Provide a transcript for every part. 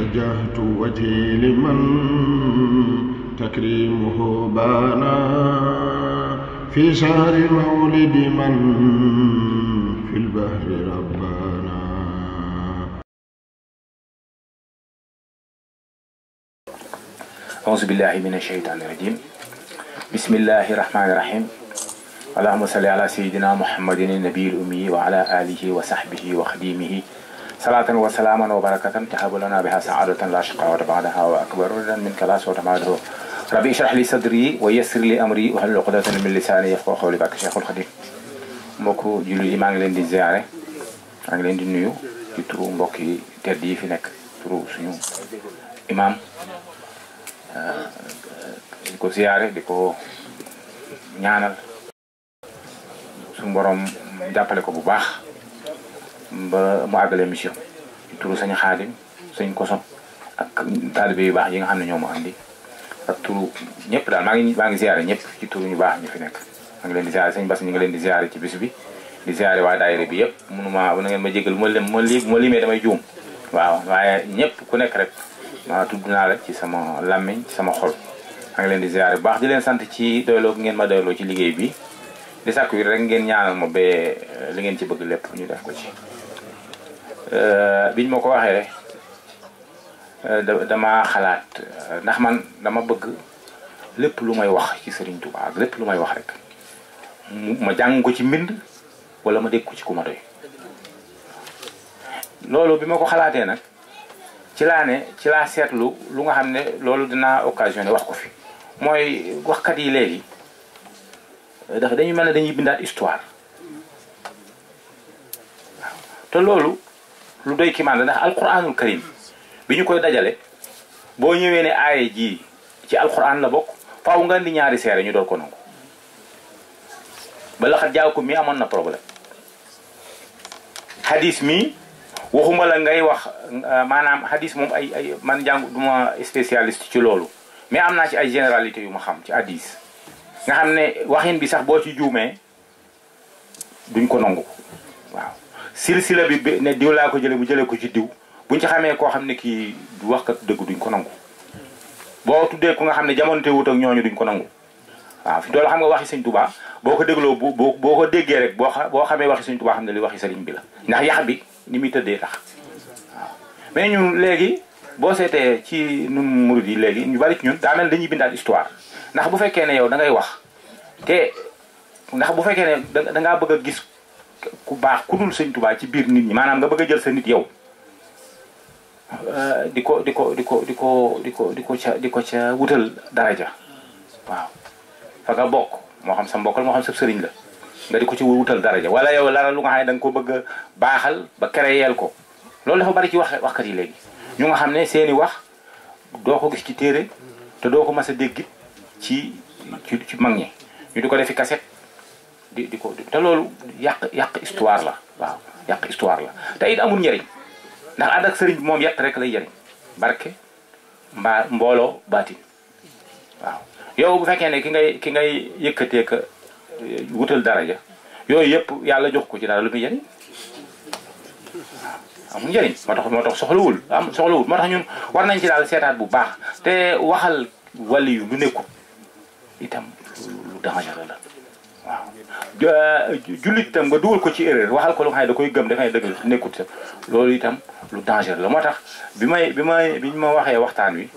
وجهت وجهي لمن تكريمه بانا في شهر مولد من في البحر ربانا أعوذ بالله من الشيطان الرجيم بسم الله الرحمن الرحيم اللهم صل على سيدنا محمد النبي الأمي وعلى آله وصحبه وخديمه صلاة وسلاما وبركة تهب لنا بها سعادة لا شقاوة بعدها وأكبر ردا منك لا صوت بعده ربي اشرح لي صدري ويسر لي أمري واحلل عقدة من لساني يفقهوا قولي barke Cheikhul Khadim mbokk jullit yi maa ngi leen di ziare maa ngi leen di nuyu ci turu mbokk yi tedd yi fi nekk turu suñu imaam di ko ziare di ko ñaanal suñu borom jàppale ko bu baax ba mu àggale mission turu sañ xaadim sañ kosom ak taalibe yu baax yi nga xam ne ñoo ma andi ak turu ñëpp daal maa ngi maa ngi ziare ñëpp ci turu ñu baax ñu fi nekk maa ngi leen di ziare sañ bas bi bi yëpp mënuma na ngeen ma jégal ma lim ma li ma limee damay juum waaw waaye ñëpp ku nekk rek ma tudd naa la ci sama làmmiñ sama xol maa ngi leen di ziare bu baax di leen sant ci doyloo ngeen ma doyloo ci liggéey bi di sàkku yi rek ngeen ñaanal ma ba eh, li ngeen ci bëgg lépp ñu def ko ci Euh, biñ ma ko waxee euh, dama xalaat euh, ndax man dama bëgg lépp lu may wax ci Serigne Touba lépp lu may wax rek ma jàng ko ci mbind wala ma dégg ko ci ku ma loolu bi ma ko xalaatee nag ci laa ne ci laa seetlu lu nga xam ne loolu dinaa occasionné wax ko fi mooy waxkat yi léegi dafa dañuy mel ne dañuy bindaat histoire te loolu lu doy ki maanaam ndax alquranul karim bi ñu koy dajale boo ñëwee ne aaye jii ci alquran la bokk faw nga indi ñaari seere ñu door ko nangu ba laxat ko mi amoon na problème hadis mi waxuma la ngay wax euh, maanaam hadis moom ay ay man jàng duma spécialiste ci loolu mais am naa ci ay généralité yu ma xam ci hadis nga xam ne waxin bi sax boo ci juumee duñ ko nangu silsila bi ne diw laa ko jële bu jëlee ko ci diw buñ ci xamee koo xam ne kii wax ka dëgg duñ ko nangu boo tuddee ku nga xam ne jamono te wut ak ñooñu duñ ko nangu waaw fi doolu xam nga waxi sëñ tubaa boo ko dégloo bu boo ko déggee rek boo boo xamee waxi sëñ tubaa xam ne li waxi sëriñ bi la ndax yax bi ni muy tëddee tax waaw mais ñu léegi boo seetee ci nun mu di léegi ñu bari ci ñun daa mel dañuy bindaat histoire ndax bu fekkee ne yow da ngay wax te ndax bu fekkee ne da ngaa bëgg a gis ku baax ku dul sëñ tubaa ci biir nit ñi maanaam nga bëgg a jël sa nit yow ah, di ko di ko di ko di ko di ko di ko ca di ko ca wutal daraja waaw fa nga bokk moo xam sa mbokkal la moo xam sa sëriñ la nga di ko ci wutal daraja wala yow la lu nga xam ne da nga ko bëgg baaxal ba créer ko loolu dafa bari ci wax waxkat yi léegi ñu nga xam ne seeni wax doo ko gis ci téere te doo ko mas a ci ci mag ñi ñu di ko defi kaset di ko te loolu yàq yàq histoire la waaw yàq histoire la te it amul njëriñ ndax ànd sëriñ bi moom yett rek lay jëriñ barke mbaa mbooloo baatin waaw bu fekkee ne ki ngay ki ngay yëkkatee ka eh, wutal daraja yooyu yëpp yàlla jox ko ci dara lu muy jëriñ waaw amul moo tax moo tax soxlawul am soxlawul moo tax ñun war nañ ci daal seetaat bu baax te waxal wàll yu lu nekkul itam lu dangereux la jullit itam nga dugal ko ci erreur waxal ko lu xam ne da koy gëm dafay dëgg la nekkut itam loolu itam lu danger la moo tax bi may bi may bi ñu ma waxee waxtaan wi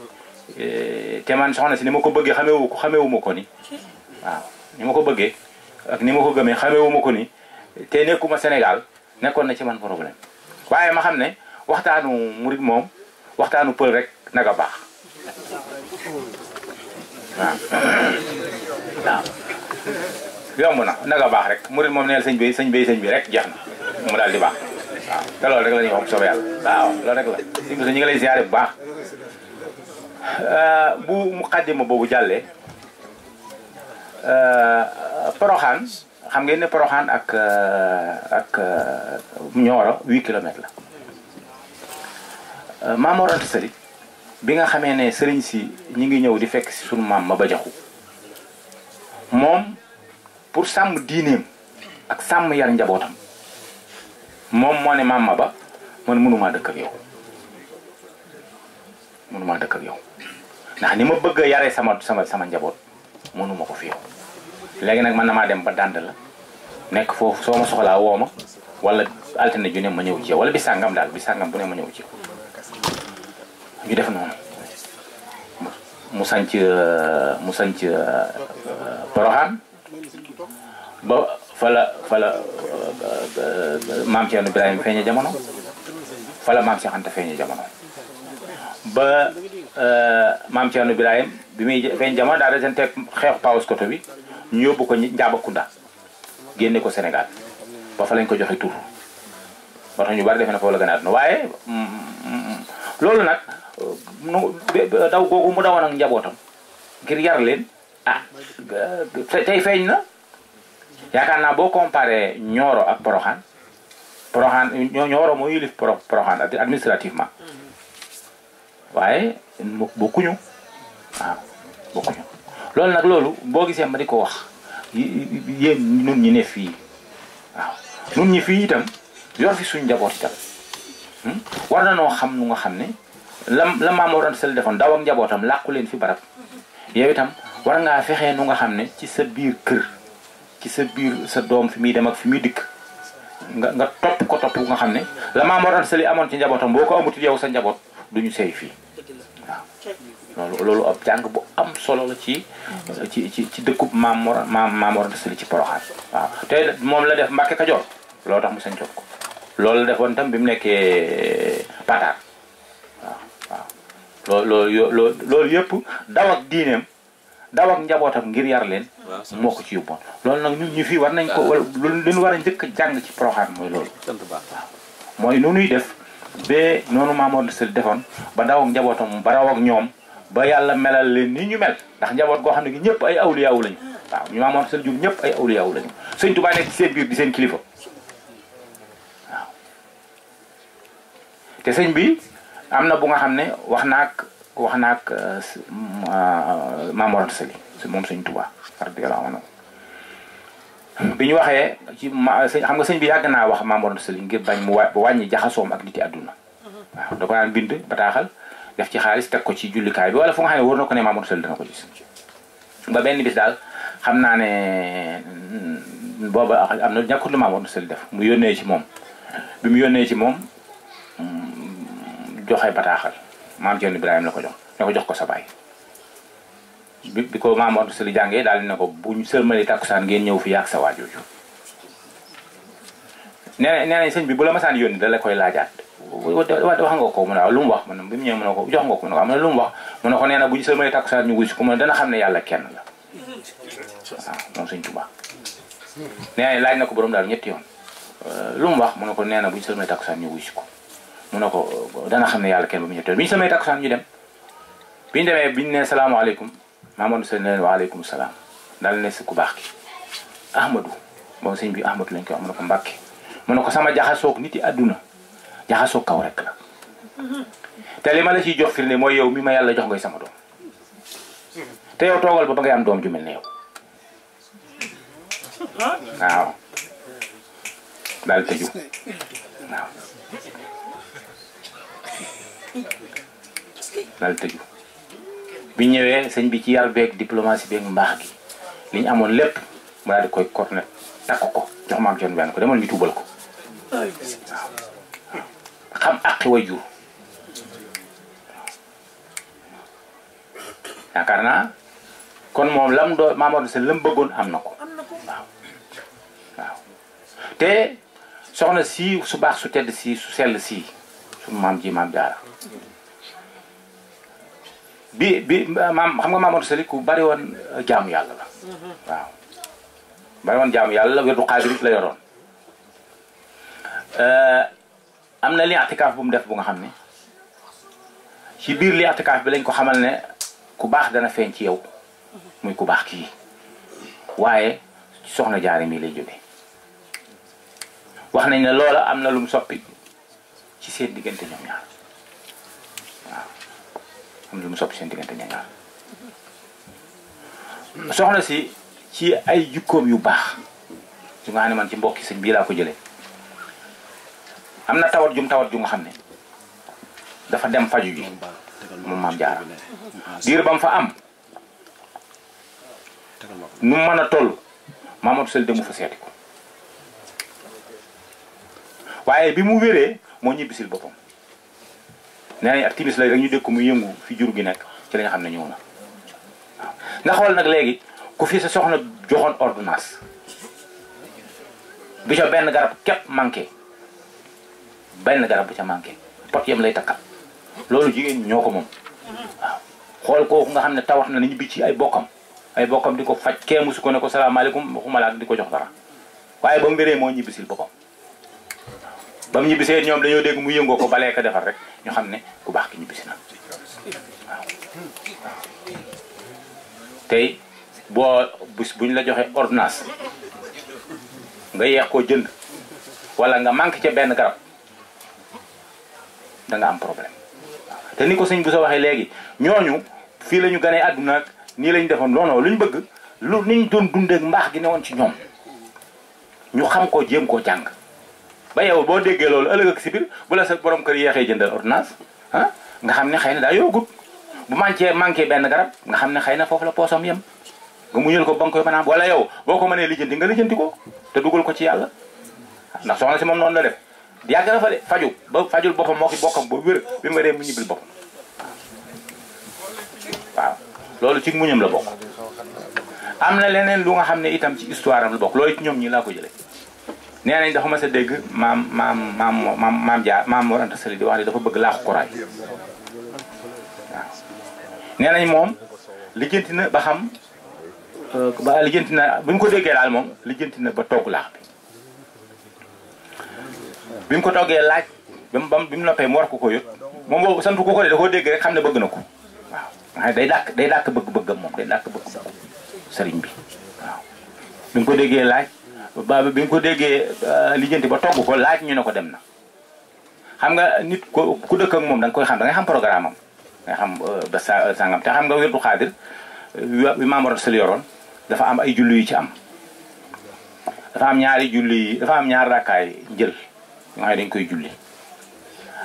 te eh, man soxna si ni ma ko bëggee xameewu ko xameewuma ko ni waaw ni ma ko bëggee ni ma ko gëmee xameewuma ko ni te nekkuma Sénégal nekkoon na ci man problème waaye ma xam ne waxtaanu murit moom waxtaanu pël rek naga baax waaw yomb na naga baax rek murit moom neel sëñ bi sëñ bi bi rek jeex na mu daal di baax waaw te loolu rek la ñuy wax bu waaw loolu rek la sëñ ñu ngi lay ziare bu baax euh, bu muqaddima boobu jàllee euh, Poroxaan xam ngeen ne Poroxaan ak euh, ak Nioro huit kilomètres bi nga xamee ne sëriñ si ñu ngi ñëw di fekk si sunu maam ma ba jaxu moom pour sàmm diineem ak sàmm yar njabootam moom moo ne maam ma ba man mënumaa dëkk ak yow mënumaa dëkk ak yow ndax ni ma bëgg a yaree sama njaboot mënuma ko fi yow léegi nag man na maa dem ba dànd la nekk foofu soo ma soxlaa woo ma wala altine ju ne ma ñëw ci yow wala bi sàngam daal bi sàngam bu ne ma ñëw ci yow ñu def noonu mu sanc mu sanc euh, euh, Poroxaan ba fala fala maam Cheikh Ibrahima feeñe jamono fala maam Cheikh Anta feeñe jamono ba e, maam Cheikh Ibrahima bi muy feeñ jamono daal dañ teg xeexu Paoskoto bi ñu yóbbu ko Njabakunda génne ko Sénégal ba fa lañ ko joxe tur moo tax ñu bari defe na foofu la gën a waaye mm, loolu nag daw googu mu dawoon ak njabootam ngir yar ah, tey feeñ na yaakaar naa boo comparé Nioro ak Porokhane Porokhane Nioro moo yilif Porokhane administrativement waaye bokkuñu waaw bokkuñu loolu nag loolu boo gisee ma di ko wax yéen nun ñi ne fii waaw nun ñi fii itam yor fi suñu njaboot itam hmm? war na noo xam nu nga xam ne la la maam waroon sel defoon daw njabootam làkku leen fi barab yow itam war ngaa fexe nu nga xam ne ci sa biir kër ci sa biir sa doom fi muy dem ak fi muy dikk nga nga topp ko topp nga xam ne la Maam Mor Anta Sali amoon ci njabootam boo ko amutul yow sa njaboot duñu sey fii loolu loolu ab am solo la ci ci ci ci dëkkub Maam Maam Maam Mor Anta ci Poroxaan waaw te moom la def Mbàkke Kajoor loolu tax mu jot ko loolu la tam bi mu nekkee Pataar waaw waaw loolu yëpp daw ak diineem daw ak njabootam ngir yar leen. moo ko ci yóbboon. loolu nag ñun ñu fii war nañ ko wala lu war a njëkk a jàng ci programme mooy loolu. waaw mooy nu ñuy def ba noonu Mamadou Sall defoon ba daw ak njabootam ba daw ñoom ba yàlla melal leen ni ñu mel ndax njaboot goo xam ne gi ñëpp ay awliyaaw lañu. waaw ñu Mamadou Sall Diop ñëpp ay awliyaaw lañu sëñ Tuubaa nekk ci seen biir di seen kilifa waaw te bi am na bu nga xam ne wax naak wax naag euh, euh, Maam Mor Anta moom sëñ Tuubaa radiyallaahu anhu ñu waxee ci ma xam nga sëñ bi yàgg naa wax Maam Mor Anta Sali ngir bañ mu wàññi jaxasoom ak nit yi àdduna waaw naan bind bataaxal def ci xaalis teg ko ci jullikaay bi wala fu nga xam ne wóor na ko ne Maam Mor Anta Sali dana ko gis ba benn bis xam naa ne mm, booba am na ñàkkut lu def mu yónnee ci moom bi mu yónnee ci moom mm, joxe bataaxal maam Cerno Ibrahima la ko jox ne ko jox ko sa baay bi bi ko maam Mor Sali jàngee daal ne ko bu ñu sëlmali takkusaan ngeen ñëw fi sa waajur ju nee na bi bu la masaan yónni da koy laajaat wax nga ko mu lu mu wax mu ne bi mu jox nga ko mu am na lu mu wax mu ne na bu ñu sëlmali takkusaan ñu wusi dana xam ne yàlla kenn la waaw moom sëñ Tuubaa nee na laaj na ko borom daal ñetti yoon lu mu wax mu ne ko nee na bu ñu sëlmali takkusaan ñu wusi ko mu ne ko dana xam ne yàlla kenn ba bi ñu samay takkusaan ñu dem bi ñu demee bi ñu nee salaamaaleykum daal ne si ku baax ki Ahmadou moom sëñ bi Ahmadou lañ koy wax mu ne ne ko sama jaxasoog nit àdduna jaxasoog kaw rek ma la ciy jox firnde yow mi ma yàlla jox ngay sama doom te yow toogal ba ba ngay am doom ju mel ne yow ah. waaw daal tëju waaw. daal tëju bi ñëwee sëñ bi ci yar beeg diplomatie beeg mbaax gi li amoon lépp mu daal di koy cornet takk ko jox maam John benn ko demoon ñu tuubal ko waaw yaakaar naa kon moom lam doo maamado seen lam bëggoon am na ko waaw waaw te soxna si su baax su tedd si su sell si su maam ji maam jaara bi bi maam xam nga maam Mor Sali ku bari woon uh, jaamu yàlla la waaw bari woon jaamu yàlla la wérdu xaadir la yoroon uh, am na li atikaaf bu mu def bu nga xam ne ci biir li bi lañ ko xamal ne ku baax dana feeñ ci yow muy ku baax kii waaye soxna jaare mi lay jóge wax nañ ne loola am na lu mu soppi ci seen diggante ñoom ñaar mu soppi seen diggante soxna si ci ay jukkoom yu baax su nga xam ne man ci mbokki sëñ bii laa ko jëlee am na tawat jum tawat ju nga xam ne dafa dem faju ji moom maam jaara diir ba mu fa am nu mën a toll Mamadou Sall mu fa seeti ko waaye bi mu wéree moo ñibbisil boppam nee ak timis la rek ñu dégg ko muy yëngu fi jur gi nekk ci li xam ne ñëw na waaw nga xool nag léegi ku fi sa soxna joxoon ordonnance bu ca benn garab képp manqué benn garab bu ca manqué pot yem lay takkal loolu jigéen ñoo ko moom xool kooku nga xam ne tawat na nañu bi ci ay bokkam ay bokkam di ko faj kee musu ko ne ko salaamaaleykum waxuma laa di ko jox dara waaye ba mu wéree moo ñibbisil bokkam ba mu ñibbisee ñoom dañoo dégg mu yëngoo ko balee ko defar rek ñu xam ne ku baax ki ñibbisi na waaw tey boo bis buñ la joxe ordonnance nga yeex koo jënd walla nga manqué ca benn garab danga am problème te ni ko sëñ bu sa waxee léegi ñooñu fii lañu ganee àdduna nii la ñu defoon non lu ñu bëgg lu niñ doon dundeek mbaax gi ne woon ci ñoom ñu xam ko jéem koo jàng ba yow boo déggee loolu ëllëg ak si biir bu la sa borom kër yeexee jëndal ordonnance ah nga xam ne xëy na daa yoogut bu mankee manqué benn garab nga xam ne xëy na foofu la poosam yem nga muñal ko ba nga koy mën wala yow boo ko mënee lijjanti nga lijjanti ko te dugal ko ci yàlla ndax soxna si moom noonu la def na fa de ba fajul boppam moo bokkam ba wér bi mu waree mu ñibbil boppam waaw loolu ci muñam la bokk am na leneen lu nga xam ne itam ci histoire am la bokk loolu ci ñoom ñi laa ko jëlee nee nañ dafa ma sa dégg maam maam maam maam maam Dia maam wax dafa bëgg laaxu kuraay waaw nee nañ moom lijjanti na ba xam ba lijjanti na bi mu ko déggee daal moom lijjanti na ba togg laax bi bi mu ko toggee laaj ba mu ba mu noppee mu war ko ko yót moom boobu sant ku ko de da koo dégg rek xam ne bëgg na ko waaw day dàkk day dàkk bëgg-bëggam moom day dàkk bëgg-bëgg sëriñ bi waaw bi mu ko déggee laaj. ba bi nga ko déggee euh, lijjanti ba togg ko laaj ñu ne ko dem na xam nga nit ko ku dëkk ak moom da koy xam da ngay xam programme nga xam euh, ba sa euh, sangam te xam nga wirdu xaadir wi maam waroon sali dafa am ay julli yu ci am am ñaari julli dafa am ñaari rakkaay njël ñoo xam ne dañ koy julli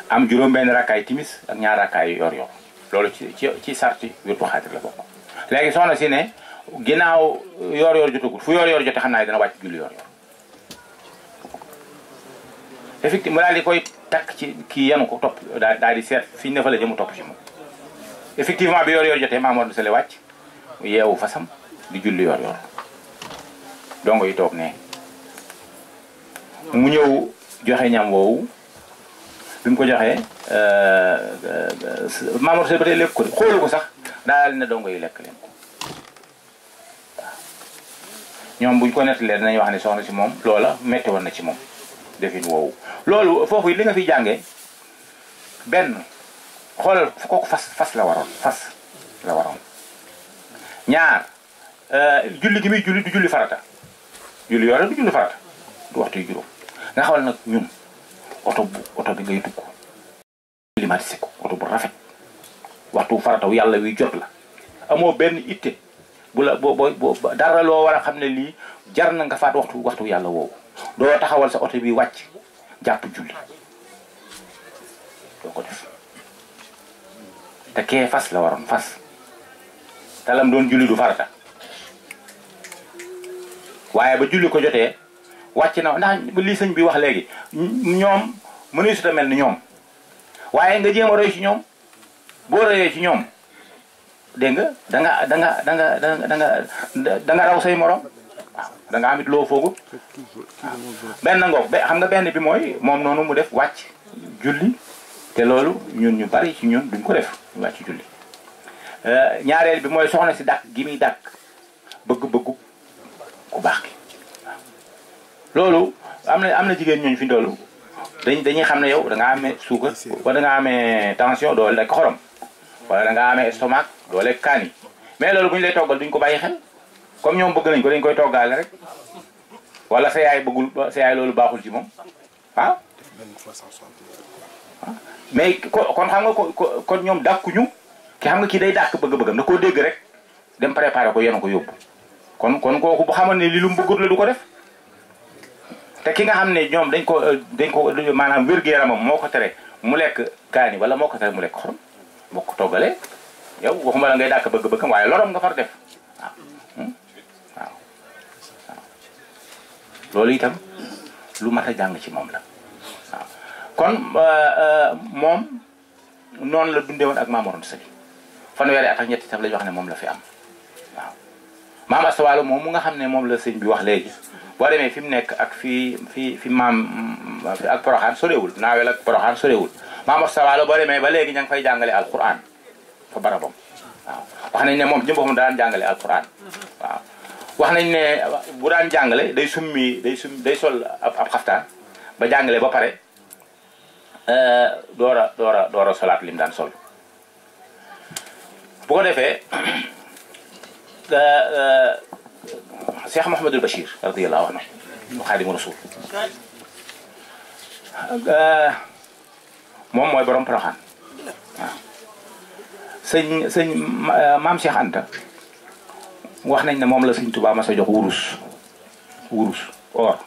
am juróom benn rakkaay timis ak ñaari rakkaay yor yor loolu ci ci ci sarti wirdu xaadir la bokk léegi soxna si ne ginnaaw yoor yoor jotagul fu yoor yoor jote xam naa ne dana wàcc julli yoor yoor effectivement mu daal di koy takk ci kii yanu ko topp daal di seet fa la bi yoor yoor jotee Mamadou Sele wàcc mu yeewu fasam di julli yoor yoor dongo yi toog ne mu ñëw joxe ñam woowu bi mu ko joxee euh, euh, Mamadou Sele ba tey lekk ko xoolu ko sax daal ne dongo yi lekk leen ñoom buñ ko nettalee dinañ wax ne soxna si moom loola metti woon na ci moom defin woowu loolu foofu li nga fi jànge benn xoolal kooku fas fas la waroon fas la waroon ñaar euh, julli gi muy julli du julli farata julli yore du julli farata du waxtu yu juróom nga xawal nag ñun oto bu oto bi ngay dugg climatisé ko oto bu rafet waxtu farataw yàlla wi jot la amoo benn itte bu la bo boo dara loo war a xam ne lii jar na nga faat waxtu waxtu yàlla woowu doo taxawal sa oto bi wàcc jàpp julli doo ko def te kee fas la waroon fas te doon julli du farata waaye ba julli ko jotee wàcc na ndax lii sëñ bi wax léegi ñoom mënuy su ta mel ni ñoom waaye nga jéem a roy ci ñoom boo royee ci ñoom dégg nga danga danga danga da nga da nga da nga raw say morom waaw da nga amit loo foogu waaw benn ngoog xam nga benn bi mooy moom noonu mu def wàcc julli te loolu ñun ñu bari ci ñun duñ ko def wàcc julli euh, ñaareel bi mooy soxna si dàkk gi muy dàkk bëgg-bëggu ku baax ki loolu am na am na jigéen ñooñu fi ndolu dañ dañuy xam ne yow da nga amee suukar wala da nga amee tension doo lekk xorom wala da nga amee estomac doo lekk kaani mais loolu bu ñu lay toggal duñ ko bàyyi xel comme ñoom bëgg nañ ko dañ koy toggaale rek wala sa yaay bëggul sa yaay loolu baaxul ci moom ah, ah. mais kon xam nga ko kon ñoom dàkkuñu ki xam nga kii day dàkk bëgg-bëggam na koo dégg rek dem préparer ko yenu ko yóbbu kon kon kooku bu xamal ne li lu bëggut la du ko def te ki nga xam ne ñoom dañ ko dañ ko maanaam wér-gu-yaramam moo ko tere mu lekk kaani wala moo ko tere mu lekk xorom moo ko toggalee yow waxuma la ngay dàkk bëgg-bëggam waaye lorom nga far def waaw hmm? waaw waaw loolu itam lu mat a jàng ci moom la kon euh, euh, moom noonu la dundee ak Maam Mor Anta Sali fanweeri at ak ñetti itam la ñu wax ne moom la fi am maam Asta Waalo moom mu nga xam ne moom la sëñ bi wax léegi boo demee fi mu nekk ak fi fi fi maam ak Poroxaan sorewul naawel ak Poroxaan sorewul maam wax sawaalo boo demee ba léegi ña ngi fay jàngale alquran fa barabam waaw wax nañ ne moom ci boppam daan jàngale alquran waaw wax nañ ne bu daan jàngale day summi day sum day sol ab xaftaan ba jàngale ba pare euh, door a door solaat lim daan sol bu ko defee Cheikh Mouhamadul Bachir radiyallahu anhu xaadimu rasul moom mooy borom poroxaan waaw sëñ sëñ euh, maam Cheikh Anta wax nañ ne moom la sëñ Tuubaa ma sa jox wurus wurus or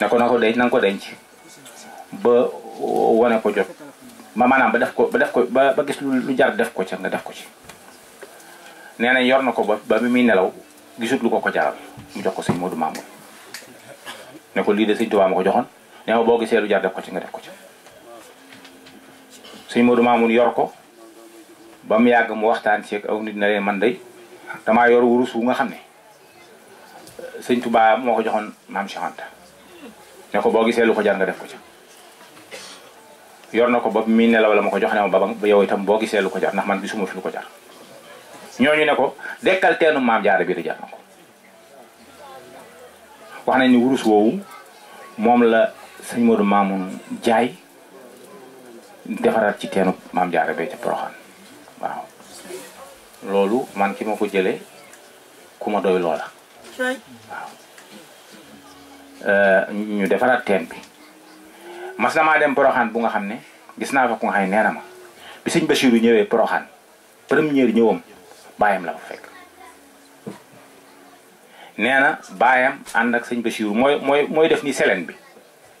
ne ko na ko denc na nga ko denc ba wane ko jot ma maanaam ba def ko ba def ko ba ba gis lu jar def ko ca nga def ko ci nee nañ yor na ko ba ba mu muy nelaw gisut lu ko ko jaral mu jox ko sëñ Modou Mamoun ne ko lii de sëñ Tuubaa ma ko joxoon ne ma boo gisee lu jar def ko ci nga def ko ci sëñ Modou Mamoun yor ko ba mu yàgg mu waxtaan ci ak aw na leen man day damaa yor wurus wu nga xam ne sëñ Touba moo ko joxoon maam Cheikh ko boo gisee ko jar nga def ko ci yor na ko ba mii nelaw la ma ko jox ne ma ba yow itam boo gisee ko jar ndax man gisuma fi lu ko jar ñooñu ne ko dekkal teenu bi di nañ ni wurus woowu moom la sëñ Modou Mamoun jaay defaraat ci teenu maam jaara bee ca Poroxaan waaw loolu man ki ma ko jëlee ku ma doy loola waaw ñu defaraat teen bi mas na maa dem Poroxaan bu nga xam ne gis naa fa ku nga xam ne nee ma bi sëñ Bachir ñëwee Poroxaan première ñëwam baayam la fa fekk nee na baayam ànd ak sëñ Bachir mooy mooy mooy def ni seleen bi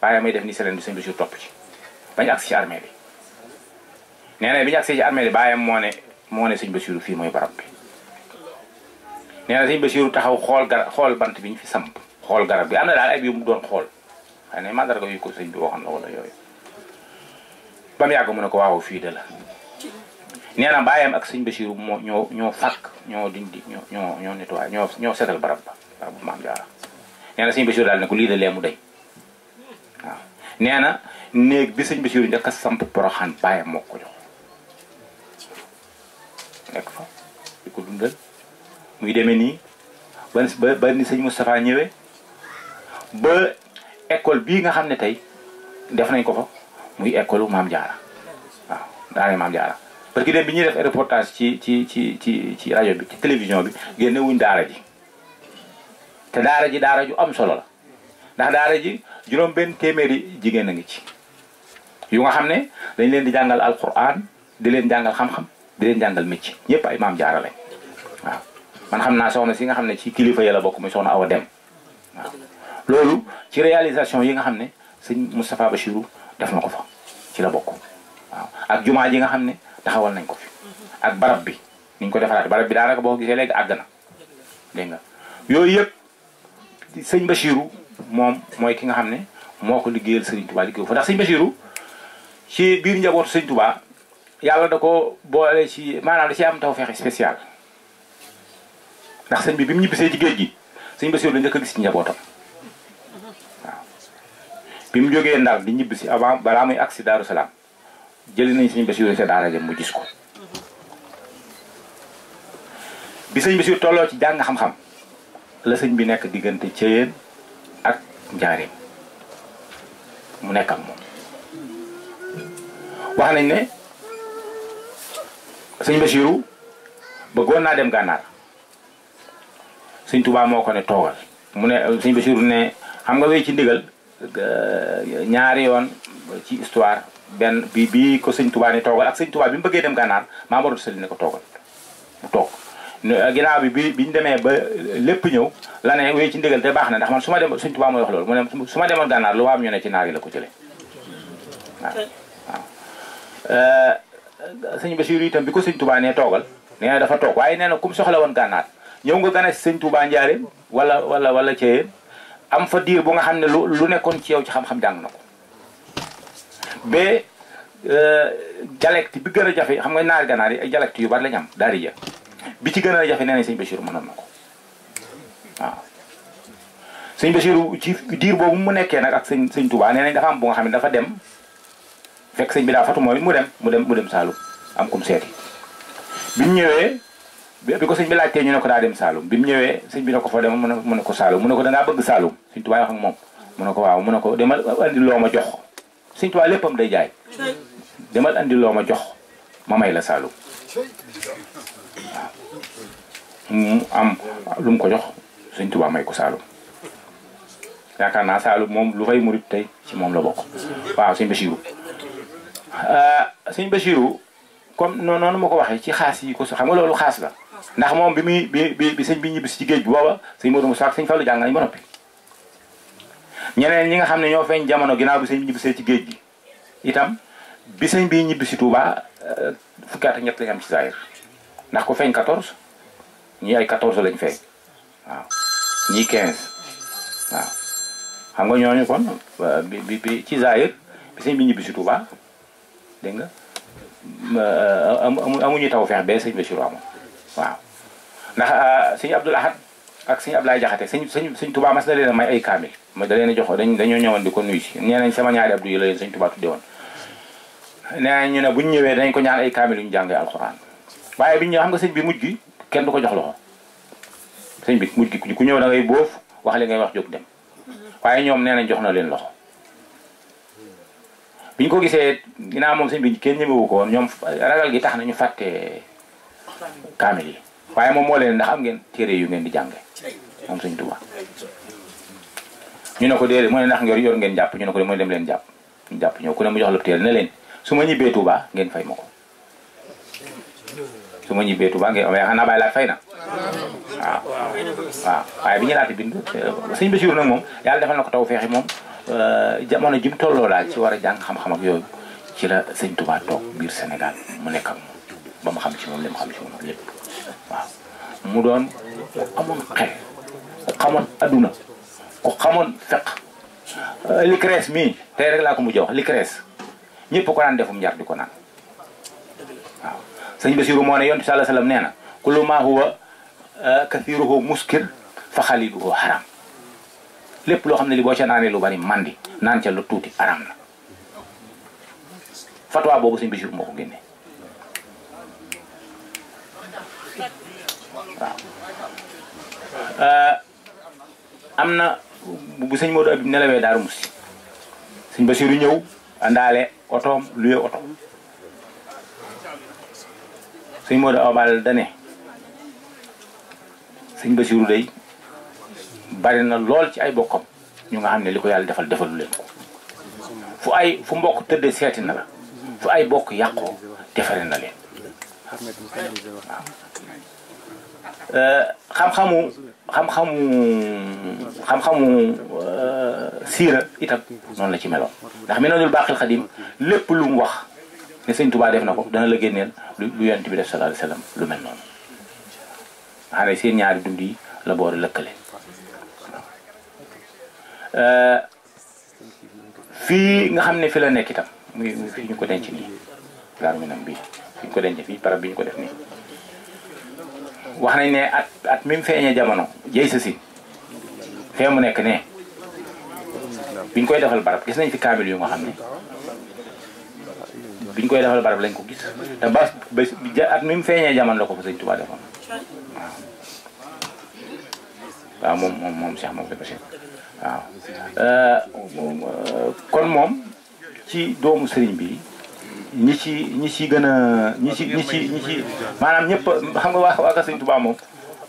baayam may def ni seleen bi sëñ Bachir topp ci bañ agsi ci armée bi nee bi ñu agsee ci armée yi baayam moo ne moo sëñ fii mooy barab bi nee taxaw xool xool bant bi ñu fi samp xool garab bi am na mu doon xool xëy na ko sëñ bi ba mu yàgg mu ko waaw fii de na baayam ak sëñ Basiiru moo ñoo ñoo fàkk ñoo dindi ñoo ñoo ñoo nettoyé ñoo ñoo setal barab ba barab bu maam jaara daal ne ko lii de lee mu day waaw nee néeg bi sëñ Basiiru njëkk a samp poroxaan baayam moo ko jox nekk fa di muy demee nii ba ba ni sëñ Moustapha ñëwee ba école bii nga xam ne tey def nañ ko fa muy école Maam Jaara waaw daanee Maam Jaara parce que dem bi ñuy def reportage ci ci ci ci ci rajo bi ci télévision bi génne wuñ daara ji te daara ji daara ju am solo la ndax daara ji juróom benn téeméeri jigéen a ngi ci yu nga xam ne dañ leen di jàngal alquran di leen jàngal xam-xam di leen jàngal métier ñëpp ay maam jaarale waaw man xam naa soxna si nga xam ne ci kilifa ya la bokk muy soxna Awa Dem waaw loolu ci réalisation yi nga xam ne sëñ Moustapha Bachirou def na ko fa ci la bokk waaw ak jumaa ji nga xam ne taxawal nañ ko fi ak barab bi niñ ko defaraat barab bi daanaka boo gisee léegi àgg na dégg nga yooyu yëpp sëñ Bachirou moom mooy ki nga xam ne moo ko liggéeyal sëriñ Touba liggéey fa ndax sëñ Bachirou ci biir njaboot sëñ Touba yàlla da ko boole ci maanaam da ci am tawfeex spécial ndax sëñ bi bi mu ñibbisee ci géej gi sëñ Basiru la njëkk a gis ci njabootam bi mu jógee Ndar di ñibbisi avant balaa muy agsi nañ sëñ Basiru ca daara ja mu gis ko bi sëñ Basiru tolloo ci jàng xam-xam la sëñ bi nekk diggante Ceyeen ak Njaaréem mu nekk ak moom wax nañ ne sëñ Basiru bëggoon naa dem gànnaar sëñ Tuubaa moo ko ne toogal mu ne sëñ Basiru ne xam nga wéy ci ndigal euh, ñaari yoon ci histoire benn bi bi ko sëñ Tuubaa ne toogal ak sëñ Tuubaa bi mu bëggee dem gànnaar maa waroon sëli ne ko toogal mu toog euh, ginnaaw bi bi bi ñu demee ba euh, lépp ñëw la ne wéy ci ndigal te baax na ndax man su ma dem sëñ Tuubaa mooy wax loolu mu ne su demoon gànnaar lu waam ñu ne ci naar yi la ko jëlee sëñ Bachir itam bi ko sëñ Touba nee toogal nee dafa toog waaye nee na ku mu soxla woon gànnaat ñëw nga gane si sëñ Touba Njaareem wala wala wala am fa diir bu nga xam ne lu lu nekkoon ci yow ci xam-xam jàng na ko ba euh, dialecte bi gën a jafe xam nga naari gànnaar yi ay dialecte yu bari lañ am daal di bi ci gën a jafe nee señ sëñ Bachir mënoon na ko waaw. sëñ ci diir boobu mu nekkee nag ak sëñ sëñ Touba nee dafa am bu nga xam ne dafa dem. fekk sëñ bi daa fatu moom mu dem mu dem mu dem Saalum am kum seeti bi mu ñëwee bi ko sëñ bi laajtee ñu ne ko daa dem Saalum bi mu ñëwee sëñ bi ne ko fa dem mu ne mu ne ko Saalum mu ne ko dangaa bëgg Saalum sëñ ak moom mu ne ko waaw mu ne ko demal andi loo ma jox sëñ Tuubaa léppam day jaay demal loo ma jox ma may la Saalum waaw am ko jox sëñ Tuubaa may ko Saalum yaakaar naa Saalum moom lu fay murit tey ci moom la bokk waaw sëñ Basiiru Euh, sëñ Bachirou comme noonu ma ko waxee ci xaas yi ko su xam nga loolu xaas la ndax moom bi muy bi bi sëñ bi ñibbisi ci géej bi booba sëñ Modou Moussa ak sëñ Fallou jàng ñeneen ñi nga xam ne ñoo feeñ jamono ginnaaw bi sëñ bi ñibbisee ci géej gi itam bi sëñ bi ñibbisi Touba euh, fukki at ñett lañ ci Zahir ndax ku feeñ 14 ñii ay 14 lañ feeñ waaw ñii 15 waaw xam nga ñooñu kon euh, bi bi ci Zahir bi sëñ bi ñibbisi Touba dégg nga euh, amuñu taw feex bee sëñ Bachirou amoon waaw ndax euh, sëñ Abdoul Ahad ak sëñ Ablaye Jaxate sëñ sëñ sëñ Touba mas na leen may ay kaamil ma da leen a dañ dañoo ñëwoon di ko nuyu si nee sama ñaari abdou yi la leen sëñ Touba tudde woon nee ñu ne buñ ñëwee dañ ko ñaan ay kaamil yu ñu jàngee alxuraan waaye biñ ñëw xam nga sëñ bi mujj gi kenn du ko jox loxo sëñ bi mujj gi ku ñëw na ngay boof wax li ngay wax jóg dem waaye ñoom nee nañ jox na leen loxo bi ko gisee ginnaaw moom sëñ bi kenn ñemewu ko woon ñoom ragal gi tax nañu fàtte kaamil yi waaye moom moo leen ndax am ngeen téere yu ngeen di jànge moom sëñ Tuubaa ñu ne ko déedéet mu ne ndax ngeen yor ngeen jàpp ñu ko de mooy dem leen jàpp ñu jàpp ñëw a ne mu jox la téere ne leen su ma ñibbee Tuubaa ngeen fay ma ko su ma ñibbee Tuubaa ngeen waaye xanaa laat fay na waaw waaw waaye bi ñu laata bind sëñ Basiru nag moom yàlla defal na ko taw feexi moom Euh, jamono ji tolloo daal ci war a jàng xam yooyu ci la sëñ Touba toog biir Sénégal mu nekk ba mu xam ci moom li mu xam ci moom lépp waaw mu doon ku amoon xel ku xamoon adduna ku xamoon feq euh, li mii tey rek laa ko mujj a wax li CREES ko naan defum njar di ko naan waaw sëñ Basiru moo ne yonent bi sallallahu alayhi wa sallam nee na kullu maa huwa euh, kathiruhu muskir fa xaliluhu lépp loo xam ne li boo ca naanee lu bari mandi naan ca lu tuuti aram na fatwa boobu sëñ Basiru moo ko génnee waaw euh, am na bu sëñ Modou Abib nelawee Daaru Musti sëñ Basiru ñëw andaale otoom luye oto sëñ Modou Abal dane sëñ Basiru day bari na lool ci ay bokkam ñu nga xam ne li ko yàlla defal defalu leen ko fu ay fu mbokk tëddee seeti na la fu ay bokk yàqoo defare na leen waaw xam-xamu xam-xamu xam euh, siira itam noonu la ci meloon ndax mi noonul baaxil xadim lépp lu wax ne sëñ Tuubaa def na ko dana la génneel lu yonent bi def sallallahu alayhi lu mel noonu nga xam ne seen ñaari dund yi la boor lëkkale Euh, fii nga xam ne fi la nekk itam muy muy fii ñu ko denc nii Daaru ko denc barab bi ñu ko def nii wax nañ ne at ak mi mu jamono jëy sa si fee mu nekk ne biñ koy defal barab gis nañ fi kaamil yu nga xam ne biñ koy defal barab lañ ko gis te ba ba at mi mu feeñee jamono la ko fa sëñ Tuubaa defoon waaw moom moom moom Cheikh Mamadou Bachir waaw euh, kon moom ci doomu sëriñ bi ñi ci ñi ci gën a ñi ci ñi ci maanaam ñëpp xam nga waa waa Sëriñ Tuubaa moom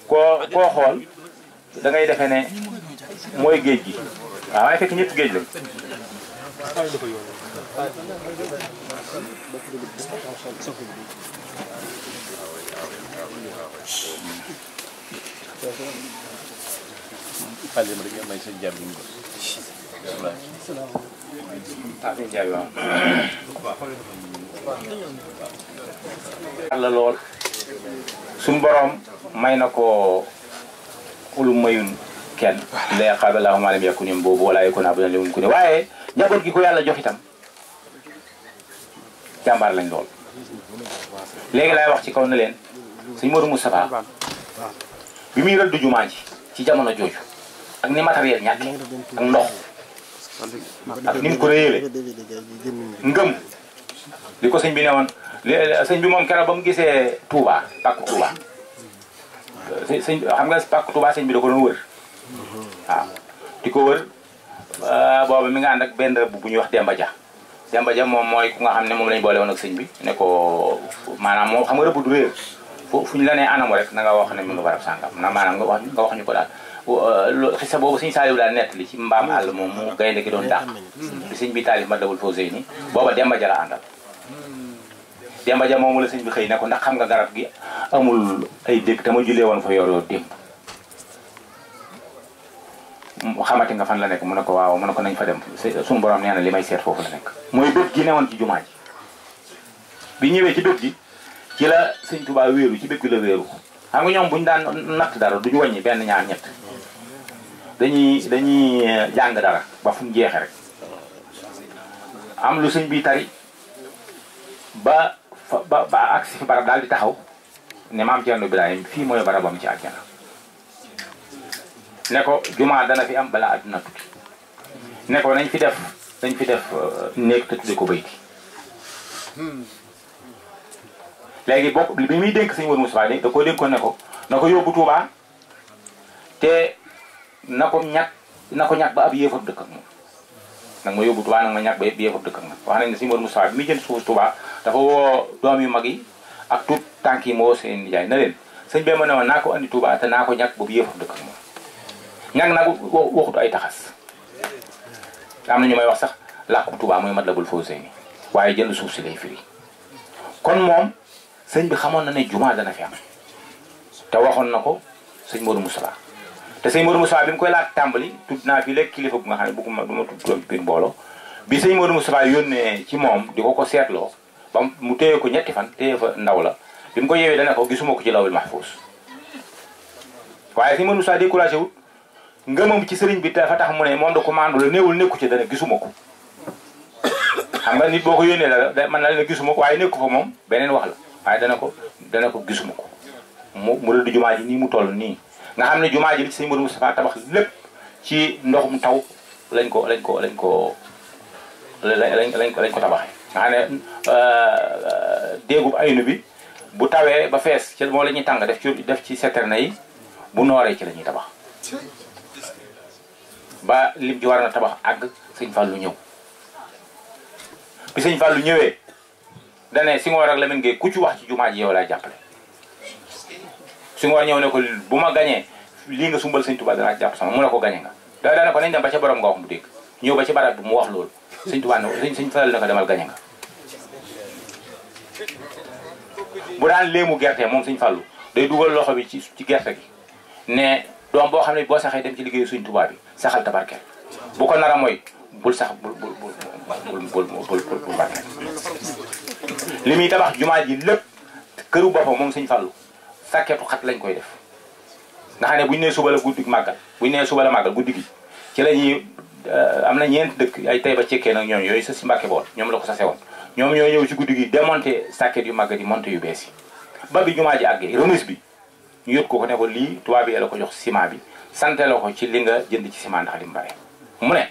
koo xool da ngay ne mooy géej gi waaw waaye fekk ñëpp géej lañ 빨리 우리가 마이서 잡는 거. 다들 lool suñ borom may na ko lu mayun kenn la yaqaab allahuma lam yakunim boobu wala yakun abadan li mumkin waaye njaboot gi ko yàlla jox itam lañ lool léegi laay wax ci kaw na leen sëñ Modou Moustapha bi muy rëdd jumaa ji ci jamono jooju ak ni matériel ñàkk ak ndox ak ni mu ko réyale ngëm li ko sëñ bi ne woon sëñ bi moom keroog ba mu gisee Touba pàkk Touba sëñ xam nga pàkk Touba sëñ bi da ko doon wër waaw ko wër euh, booba mi nga ànd ak benn rëbb bu ñu wax Demba Dia Demba Dia moom mooy ku nga xam ne moom lañ boole woon ak sëñ bi ne ko maanaam moom xam nga rëbb du réer fu ñu la nee anamu rek na wax ne mu nga barab sàngam na maanaam nga wax nga wax ñu ko daal xisa boobu sëñ Saaliw daan li ci mbaam àll moom mu gaynde gi doon dàq bi mm. sëñ bi taalif ma dawul foo sëy ni booba Demba Jara àndal mm. Demba Jara moomu la suñ bi xëy ne ko ndax xam nga garab gi amul ay dégg te ma jullee woon fa yor yor démb xamati nga fan la nekk mu ne ko waaw mu ne ko nañ fa dem suñu borom nee na li may seet foofu la nekk mooy dëkk gi newoon ci jumaa ji bi ñëwee ci dëkk gi ci la sëñ Tuubaa wéeru ci dëkk la wéeru xam nga ñoom buñu daan natt dara duñu wàññi benn ñaar ñett dañuy dañuy eh, jàng dara ba fu jeexee rek am lu sëñ bii tari ba ba ba agsi fi barab daal di taxaw ne maam Cerno Birahim fii mooy barabam ci àjjana ne ko jumaa dana fi am bala àddina tukki ne ko nañ fi def dañ fi def eh, néeg te tudde ko bayti léegi bokk bi muy dénk sëñ Wër Moussa da ko dénkoon ne ko na ko yóbbu Touba te na ko na ko ñàkk ba ab yéefar dëkk ak moom nag ma yóbbu Touba nag ma ñàkk ba yéefar dëkk ak moom wax nañ ne si Mor Moussa bi mi jël suuf Touba dafa woo doom yu mag yi ak tànk yi moo seen nijaay na sëñ ma ne ma naa ko andi naa ko ñàkk boobu yéefar dëkk ak moom ñàkk naa ay taxas am na ñu may wax sax làkku tubaa muy mat la bul foo seen waaye jënd suuf si lay firi kon moom sëñ bi xamoon na ne jumaa dana fi am te waxoon na ko sëñ Modou Moussa te sëñ Modou Moustapha bi mu koy laat tàmbali tudd naa fi léegi kilifa bu nga xam ne bëgguma du ma tudd turam biir mbooloo bi sëñ Modou Moustapha yónnee ci moom di ko seetloo ba mu téye ko ñetti fan téye ndaw la bi mu ko yeewee dana ko gisuma ko ci lawul mahfuus waaye sëñ Modou Moustapha découragé wut ngëmam ci sëriñ bi dafa tax mu ne moom da ko la néewul nekku ci dana gisuma ko xam nga nit boo ko yónnee la man na la gisuma ko waaye nekku fa moom beneen wax la ko dana ko gisuma ko mu mu rëdd jumaa ji nii mu toll nii nga xam ne jumaa ji bi sëñ Modou Moustapha tabax lépp ci ndoxum taw lañ ko lañ ko lañ ko lañ ko lañ ko tabaxee nga xam ne euh, déegub aynu bi bu tawee ba fees ci moo la ñuy tàng def ci def ci citerne yi bu nooree ci la tabax ba lim ji war na tabax àgg sëñ Fallou ñëw bi sëñ lu ñëwee dane si nga war ak Lamine Gueye ku ci wax ci jumaa ji yow laa jàppale su nga war ñëw ne ko bu ma gañee lii nga sumbal sëñ Tuubaa danaa jàpp sama mu ne ko gañe nga daa daana ko nañ dem ba ca borom nga wax mu dégg ñëw ba ci barab bi mu wax loolu sëñ Tuubaa ne sëñ Fallu ne ko demal gañe nga bu daan léemu gerte moom sëñ Fallu day dugal loxo bi ci ci gerte gi ne doom boo xam boo saxee dem ci liggéeyu sëñ Tuubaa bi saxal tabarkel bu ko nara mooy bul sax bul bul bul bul bul bul barkel li muy tabax jumaa ji lépp këru boppam moom sëñ Fallu sàkketu xat lañ koy def nga xam ne bu ñu nee suba la guddi màggal bu ñu nee suba la màggal guddi gi ci la ñuy euh, am na ñeent dëkk ay ba Cekkeen nag ñoom yooyu sa si Mbàkke bool ñoom la ko sase woon ñoom ñoo ñëw si guddi gi démonté sàkket yu màggat yi monté yu bees yi ba bi jumaa ji àggee remise bi ñu yót ko ko ne ko lii tubaab bi la ko jox ciment bi sante la ko ci li nga jënd ci ciment ndax di mu bare mu ne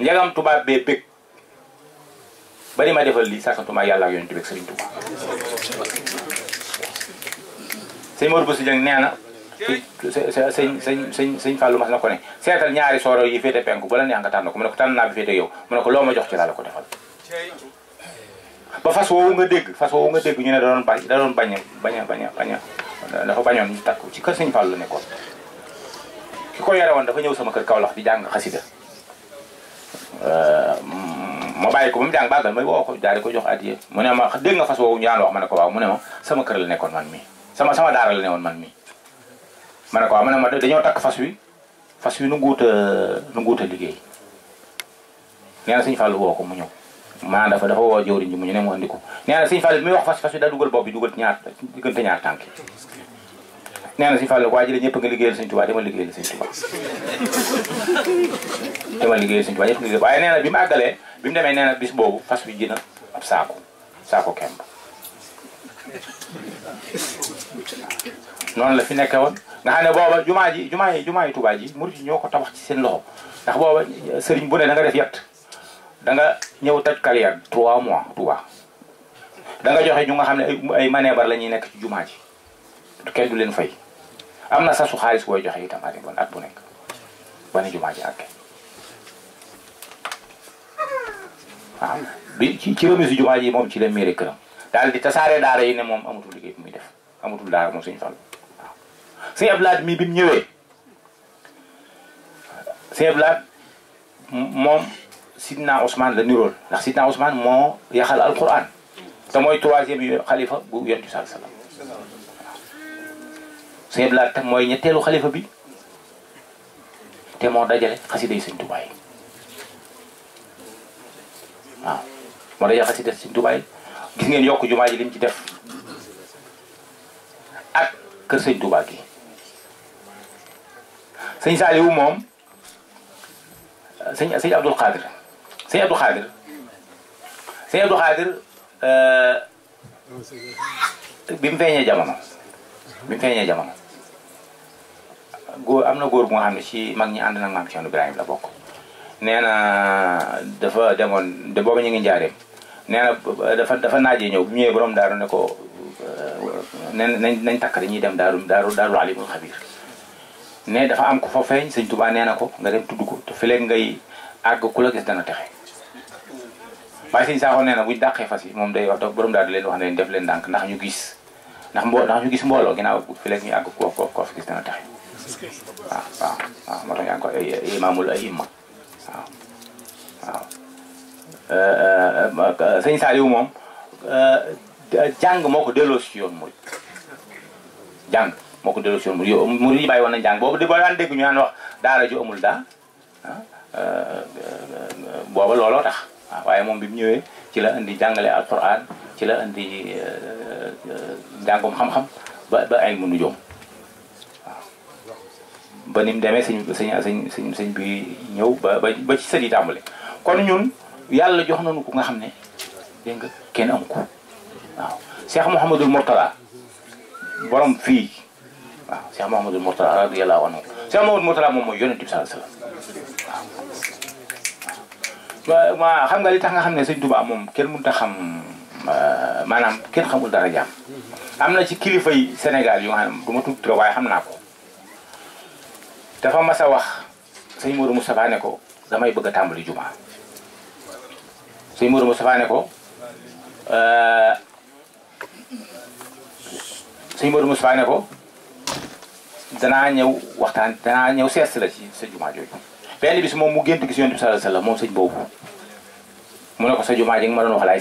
njagam tubaab bee bëgg ba di ma defal lii sàkkantuma yàlla ak yonent bi ak Sëriñ sëñ Modou Bousso Dieng nee na sëñ sëñ sëñ sëñ Fallou na ko ne seetal ñaari sooro yi féete penku bu la neex nga yow mu ne ko loo ma jox ci laa ko defal ba fas woowu nga dégg dégg ñu ne da doon bañ da doon bañ bañ bañ a bañ a dafa bañoon ci kër sëñ Fallou la nekkoon ki ko yore woon dafa ñëw sama kër Kaolack di jàng xasida ma bàyyi ko ba mu jàng bàggal may woo ko daal di ko jox addiye mu ne ma dégg nga fas woowu ñu daan wax ma ne ko waaw mu ne ma sama kër la nekkoon man mii sama sama daara la ne woon man mii ma ne ko waaw ma ne ma dañoo takk fas wi fas wi nu guut a nu guut a liggéey nee na sëñ Fallou woo ko mu ñëw maanaam dafa dafa woo jëwriñ ji mu ñu ne mu andi ko nee na sëñ Fallou bi muy wax fas fas wi daa dugal bopp bi dugal ñaar diggante ñaar tànk nee na sëñ Fallou waa ji la ñëpp nga liggéeyal sëñ Tuubaa dama liggéeyal sëñ Tuubaa dama liggéeyal sëñ Tuubaa ñëpp liggéeyal waaye nee na bi mu àggalee bi mu demee nee na bis boobu fas wi jëna ab saako saako kemb noonu la fi nekkee woon nga xam ne booba jumaa ji jumaa yi jumaa yi Tuubaa ji murit yi ñoo ko tabax ci seen loxo ndax booba eh, sëriñ bu ne da def yett danga ñëw taj carrière trois mois Tuubaa danga joxe ñu nga xam ne ay maneebar la ñuy nekk ci jumaa ji kenn du leen fay am na sasu xaalis booy joxe itam at at bu nekk ba ne jumaa ji àkke waaw bi ci remise jumaa ji moom ci la miire këram daal di tasaare daara yi ne moom amatul liggéey bi muy def amatul daara moom suñu fal waaw suñu ablaat mii bi mu ñëwee suñu ablaat moom sidna Ousmane la nirool ndax sidna Ousmane moo yaxal alquran te mooy troisième xalifa bu yonent bi sallallahu alayhi wasallam sëñ mooy ñetteelu xalifa bi te moo dajale xasida yi sëñ Tuubaa waaw moo dajale xasida sëñ Tuubaa gis ngeen yokk jumaa ji lim ci def ak kër sëñ Touba sëñ Saliou moom sëñ sëñ Abdou Khadir sëñ Abdou Khadir sëñ Abdou Khadir euh, bi mu feeñee jamono bi mu feeñee jamono góor am na góor bu nga xam ne ci mag ñi ànd nag maam Cheikh Ibrahima la bokk nee na dafa demoon de booba ñu ngi njaareem nee na dafa dafa naajee ñëw bu ñëwee borom daaru ne ko euh, nen nañ nañ takk dañuy dem daaru daaru daaru alimul xabir ne dafa am ko fa feeñ sëñ Tuubaa nee na ko nga dem tudd ko te fileeg ngay àgg ku la gis dana texe waaye sëñ Saaxo nee na buñ dàqee fas yi moom day wax daf borom daal di leen wax ne def leen ndànk ndax ñu gis ndax mbo ndax ñu gis mbooloo ginnaaw fileeg ñu àgg ko ko ko fi gis dana texe waaw waaw moo tax yaa ngi ko ay imaamul ay imma Euh, euh, euh, sëñ Saliou moom jàng moo ko delloo si yoon murid jàng moo ko delloo si yoon murid yow murid yi jàng boobu di boo daan dégg ñu naan wax daara ju amul daa ah, booba looloo tax ah, waaye moom bi ñëwee ci la indi jàngale alquran ci la indi jàngum xam-xam ba ba ay mënu joom ah. ba ni demee sëñ sëñ sëñ bi ñëw ba ci sëñ yi kon ñun yàlla jox nañu ko nga xam ne nga kenn am ko waaw Cheikh Mouhamadul Mourtala borom fii waaw Cheikh Mouhamadul Mourtala radiyallahu anhu Cheikh Mouhamadul Mourtala moom mooy yonent bi sallallahu alayhi waaw ma xam nga li tax nga xam ne sëñ Tuubaa moom kenn mënut a xam euh, maanaam kenn xamul dara jaam am na ci kilifa yi Sénégal yu nga xam trop waaye xam naa ko dafa mas a wax sëñ Modou Moustapha ne ko damay bëgg a tàmbali jumaa suñ Mourou Moustapha ne ko euh, suñ Mourou Moustapha ne ko danaa ñëw waxtaan danaa ñëw seet si la ci sa jumaa jooju. benn bis moom mu gént gis yonent bi sallallahu alayhi wasallam moom sëñ boobu mu ne ko sa jumaa ji nga ma doon wax laay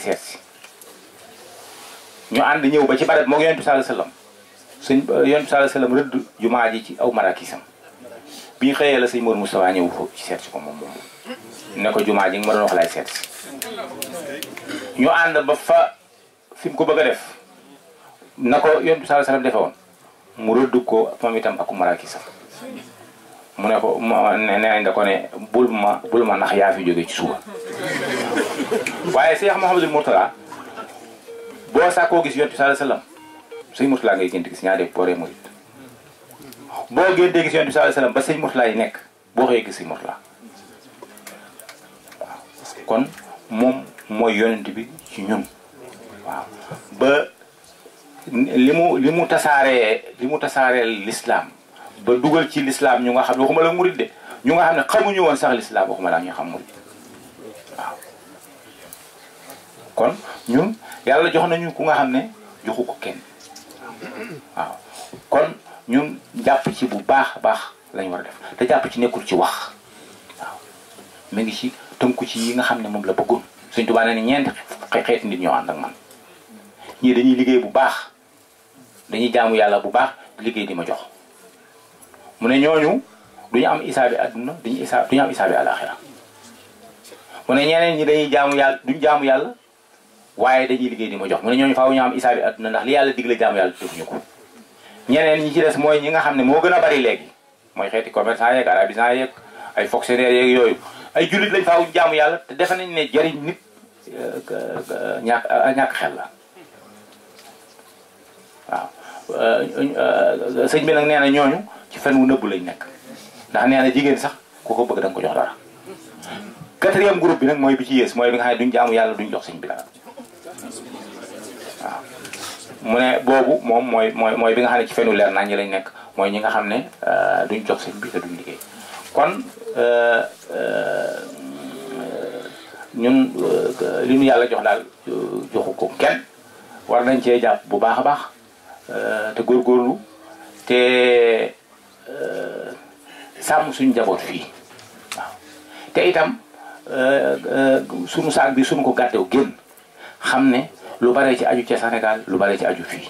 ñu ànd ñëw ba ci barab moo yonent bi sallallahu alayhi sëñ yonent bi sallallahu alayhi wasallam rëdd jumaa ji ci aw marakisam bi ñu xëyee la sëñ Mourou Moustapha ñëw foofu ci seet si ko moom moom ne ko jumaa ji nga ma doon wax laay seet ñu ànd ba fa fi ko bëgg a def na ko yonent bi sallallahu alayhi wasallam defe woon mu ko moom itam ak maraaki sax mu ne ko nee nañ da ko ne bul ma bul ma nax yaa fi jóge ci suba waaye Cheikh Mouhamadul Mourtala boo sàkkoo gis yonent bi sallallahu alayhi wasallam sëñ Mourtala ngay gént gis ñaari booree murit boo géntee gis yonent bi ba sëñ Mourtala yi nekk boo xëyee gis sëñ Mourtala waaw kon moom mooy yonent bi ci ñun waaw ba li mu li mu tasaaree li mu tasaareel lislaam ba dugal ci lislaam ñu nga xam ne waxuma la murid xam ne xamuñu woon sax lislaam waxuma la ñu xam murid waaw kon ñun yàlla jox nañu ku nga xam ne joxu ko kenn waaw kon ñun jàpp ci bu baax baax lañ war a def te jàpp ci nekkul ci wax waaw mu ngi ci tënku ci yi nga xam ne moom la bëggoon Sëñ Tuubaa nee na xeeti nit ñoo ànd ak man ñii dañuy liggéey bu baax dañuy jaamu yàlla bu baax liggéey di ma jox mu ne ñooñu duñu am isaabi adduna duñu isaa duñu am isaabi alaxira mu ne ñeneen ñi dañuy jaamu yàlla duñ jaamu yàlla waaye dañuy liggéey di ma jox mu ne ñooñu faaw ñu am isaabi adduna ndax li yàlla digle jaamu yàlla defuñu ko ñeneen ñi ci des mooy ñi nga xam ne moo gën a bari léegi mooy xeeti commerçant yeeg arabisant yeek ay fonctionnaires yeeg yooyu ay jullit lañ faaw jaamu yàlla te defe nañ ne jariñ nit euh, ñàkk euh, ñàkk xel la waaw euh, sëñ bi nag nee na ñooñu ci fen wu nëbbu lañ nekk ndax nee na jigéen sax ku ko bëgg da ko jox dara quatrième groupe bi nag mooy bi ci yées mooy bi nga xam ne duñ jaamu yàlla duñ jox sëñ bi dara waaw mu ne boobu moom mooy mooy mooy bi nga xam ne ci fenu leer naa ñi lañ nekk mooy ñi nga xam ne duñ jox sëñ bi te duñ liggéey Euh, euh, ñun euh, li ñu yàlla jox daal joxu ko kenn war nañ cee jàpp bu baax a baax te góor góorgóorlu te sàmm suñ njaboot fii te itam suñu saak bi suñu ko gàddew génn xam ne lu baree ci aju ca Sénégal lu bare ci aju fii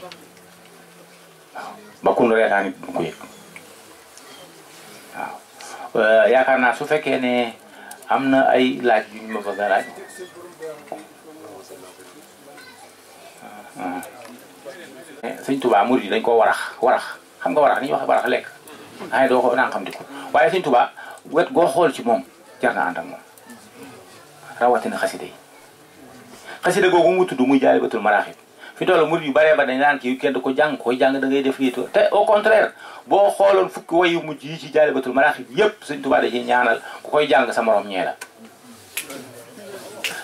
ba kunu reetaan it duñ yëg yaakaar naa su fekkee ne am na ay laaj yu ñu ma bëgg a laaj. sëñ Touba murid yi dañ koo warax warax xam nga warax ni ñuy wax warax lekk xëy na doo ko xam di ko waaye sëñ Touba wet goo xool ci moom jar na ànd ak moom rawatina xasida yi xasida googu mu tudd muy jaalibatul maraaxib fi toll murid yu baree ba dañ naan yu kenn du ko jàng koy jàng da def lii te au contraire boo xooloon fukki woy yu mujj yi ci jaalibatul maraaxib yépp sëñ Tuubaa da ciy ñaanal ku koy jàng sa morom ñee la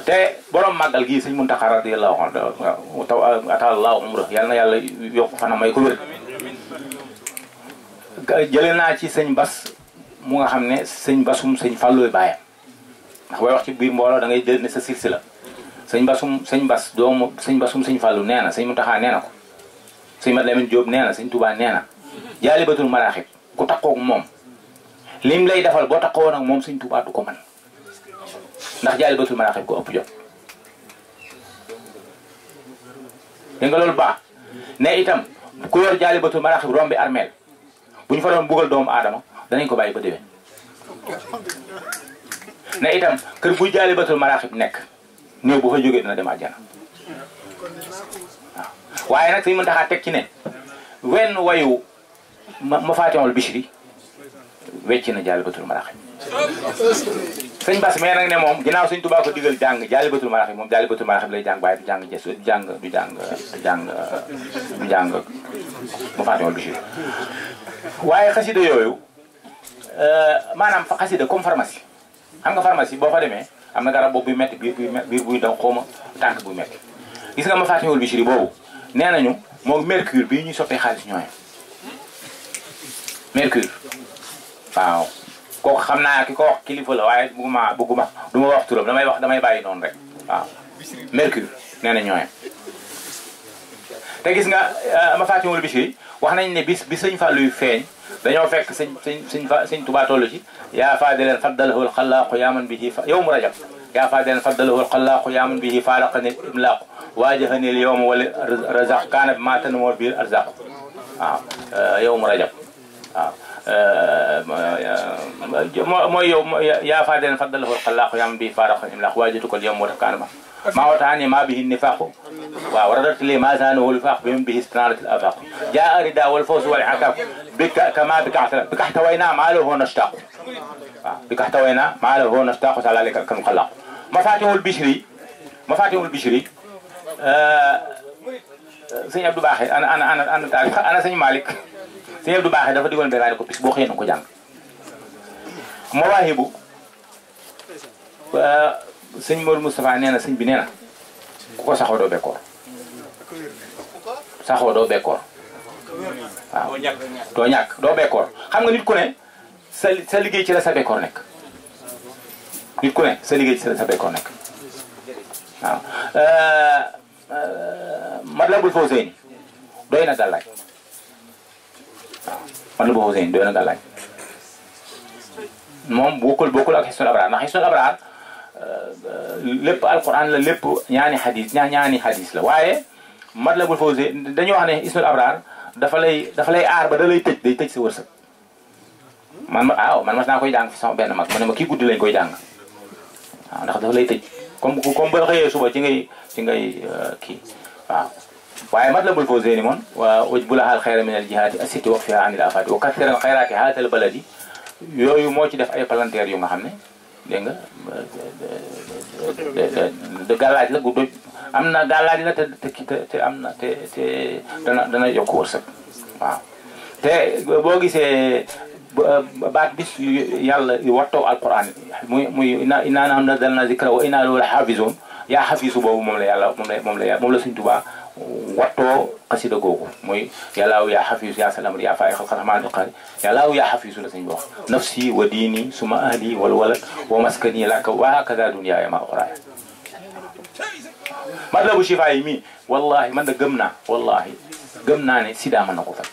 te borom màggal gii sëñ mun radiyallaahu anhu taw atallaahu umra yal na yàlla yokk fana may ko wér jële naa ci sëñ Bas mu nga xam ne sëñ Basum sëñ Fàllooy baayam ndax booy wax ci biir mbooloo da ngay jël ne sa silsila la sëñ basum sëñ bas doomu sëñ basum sëñ fàllu nee na sëñ Muntaxa nee na ko sëñ Mat Lamin Jóob nee na sëñ Tuubaa nee na jaalibatul maraaxib ku takkoog moom lim lay defal boo takkoo nag moom sëñ Tuubaa du ko man ndax jaalibatul maraaxib ko ëpp jot dégg nga loolu baax ne itam ku yor jaalibatul maraaxib rombi armeel bu ñu fa doon buggal doomu aadama danañ ko bàyyi ba déwén ne itam kër bu jaalibatul maraaxib nekk néew bu fa jógee dina dem àjjana waaw waaye nag suñu mën taxaa teg ci ne wenn wayu ma faatimal Bichri wecc na Jaalibatul Maraaxi sëñ Bass mais nag ne moom ginnaaw sëñ Tuubaa ko digal jàng Jaalibatul moom Jaalibatul Maraaxi bi lay jàng waaye du jàng jees du jàng du jàng du jàng du jàng ma waaye xasida yooyu euh, maanaam xasida comme pharmacie xam nga pharmacie boo fa demee am na garab boobu buy métti biir buy biir buy daw xaw tànk buy métti gis nga ma fàttewul Bichri boobu nee nañu moom mercure bii ñuy soppee xaalis ñooy mercure waaw kooku xam naa ki ko wax kilifa la waaye bëgguma bëgguma du ma wax turam damay wax damay bàyyi noonu rek waaw mercure nee na ñooy te gis nga euh, ma fàttewul Bichri wax nañ ne bis bi sëñ Fallou feeñ dañoo fekk sëñ sëñ sëñ fa sëñ Tuubaa toll ci yaa faa di leen faddalahul xalaaqu yaaman bihi fa yow mu rajab yaa faa di leen faddalahul xalaaqu yaaman bihi faaraqani imlaaqu waajahani l yowma wala razaq kaana bi maa tanmoo biir arzaq waaw euh, yow mu rajab waaw euh, mooy yow yaa faa di leen faddalahul xalaaqu yaaman bihi faaraqani imlaaqu waajahtu ko l yowma wala kaana ما وتعني ما به النفاق ورددت لي ما زانه الفاق بهم به استنارة الآفاق جاء رداء والفوز والعكاف بك كما بك بك احتوينا ما له نشتاق بك احتوينا ما له نشتاق تعالى لك كنقلق مفاتيح البشري مفاتيح البشري آه sëñ Abdou Baaxe ana ana ana ana taal ana sëñ Malick sëñ Abdou Baaxe dafa digoon benn ko bis boo xëyee na ko jàng mawaahibu sëñ Mor Moustapha nee na sëñ bi nee na ku ko saxoo doo bekkoor saxoo doo bekkoor doo ñàkk doo bekkoor xam nga nit ku ne sa sa liggéey ci la sa bekkoor nekk nit ku ne sa liggéey ci sa bekkoor nekk waaw euh, euh, Matlabul Fawzayni doy na gàllaaj waaw Matlabul Fawzayni doy na gàllaaj moom bokkul bokkul ak Hisnul Abraar ndax Hisnul Abraar lépp al alquran la lépp ñaani xadis ñaani xadis la waaye Matlabul Fawzi dañuy wax ne Ismail Abrar dafa lay dafa lay aar ba da lay tëj day tëj sa wërsëg man ma waaw man mas naa koy jàng fi benn mag mu ne ma kii guddi lañ koy jàng waaw ndax lay tëj comme comme boo suba ci ngay ci ngay euh, kii waaw waaye Matlabul Fawzi ni moom wa waj bulahaal xayra min al jihaati asiti waqfiha anil afaati wa kasiran xayraati yooyu moo ci def ay palanteer yu nga xam ne dégg nga de gàllaaj la gu am na gàllaaj la te am na te te dana dana yokk wërsëg waaw te boo gisee baat bis yàlla wattoo alquran muy muy innaa nahnu nazzalnaa zikra wa innaa lahu lahaafizuun yaa xafiisu boobu moom la yàlla moom la moom la moom la suñ wattoo xasida googu mooy yàllaaw yaa xafiisu yaa salaam yaa faay xal xalamaa di xaari yàllaaw yaa xafiisu la suñu wax nafsi wa diini suma ahli wal walad wa maskani laka wa hakada dunyaaya ma oxraaya matlabu shifa yi mii wallahi man da gëm naa wallahi gëm naa ne sida mën na ko faj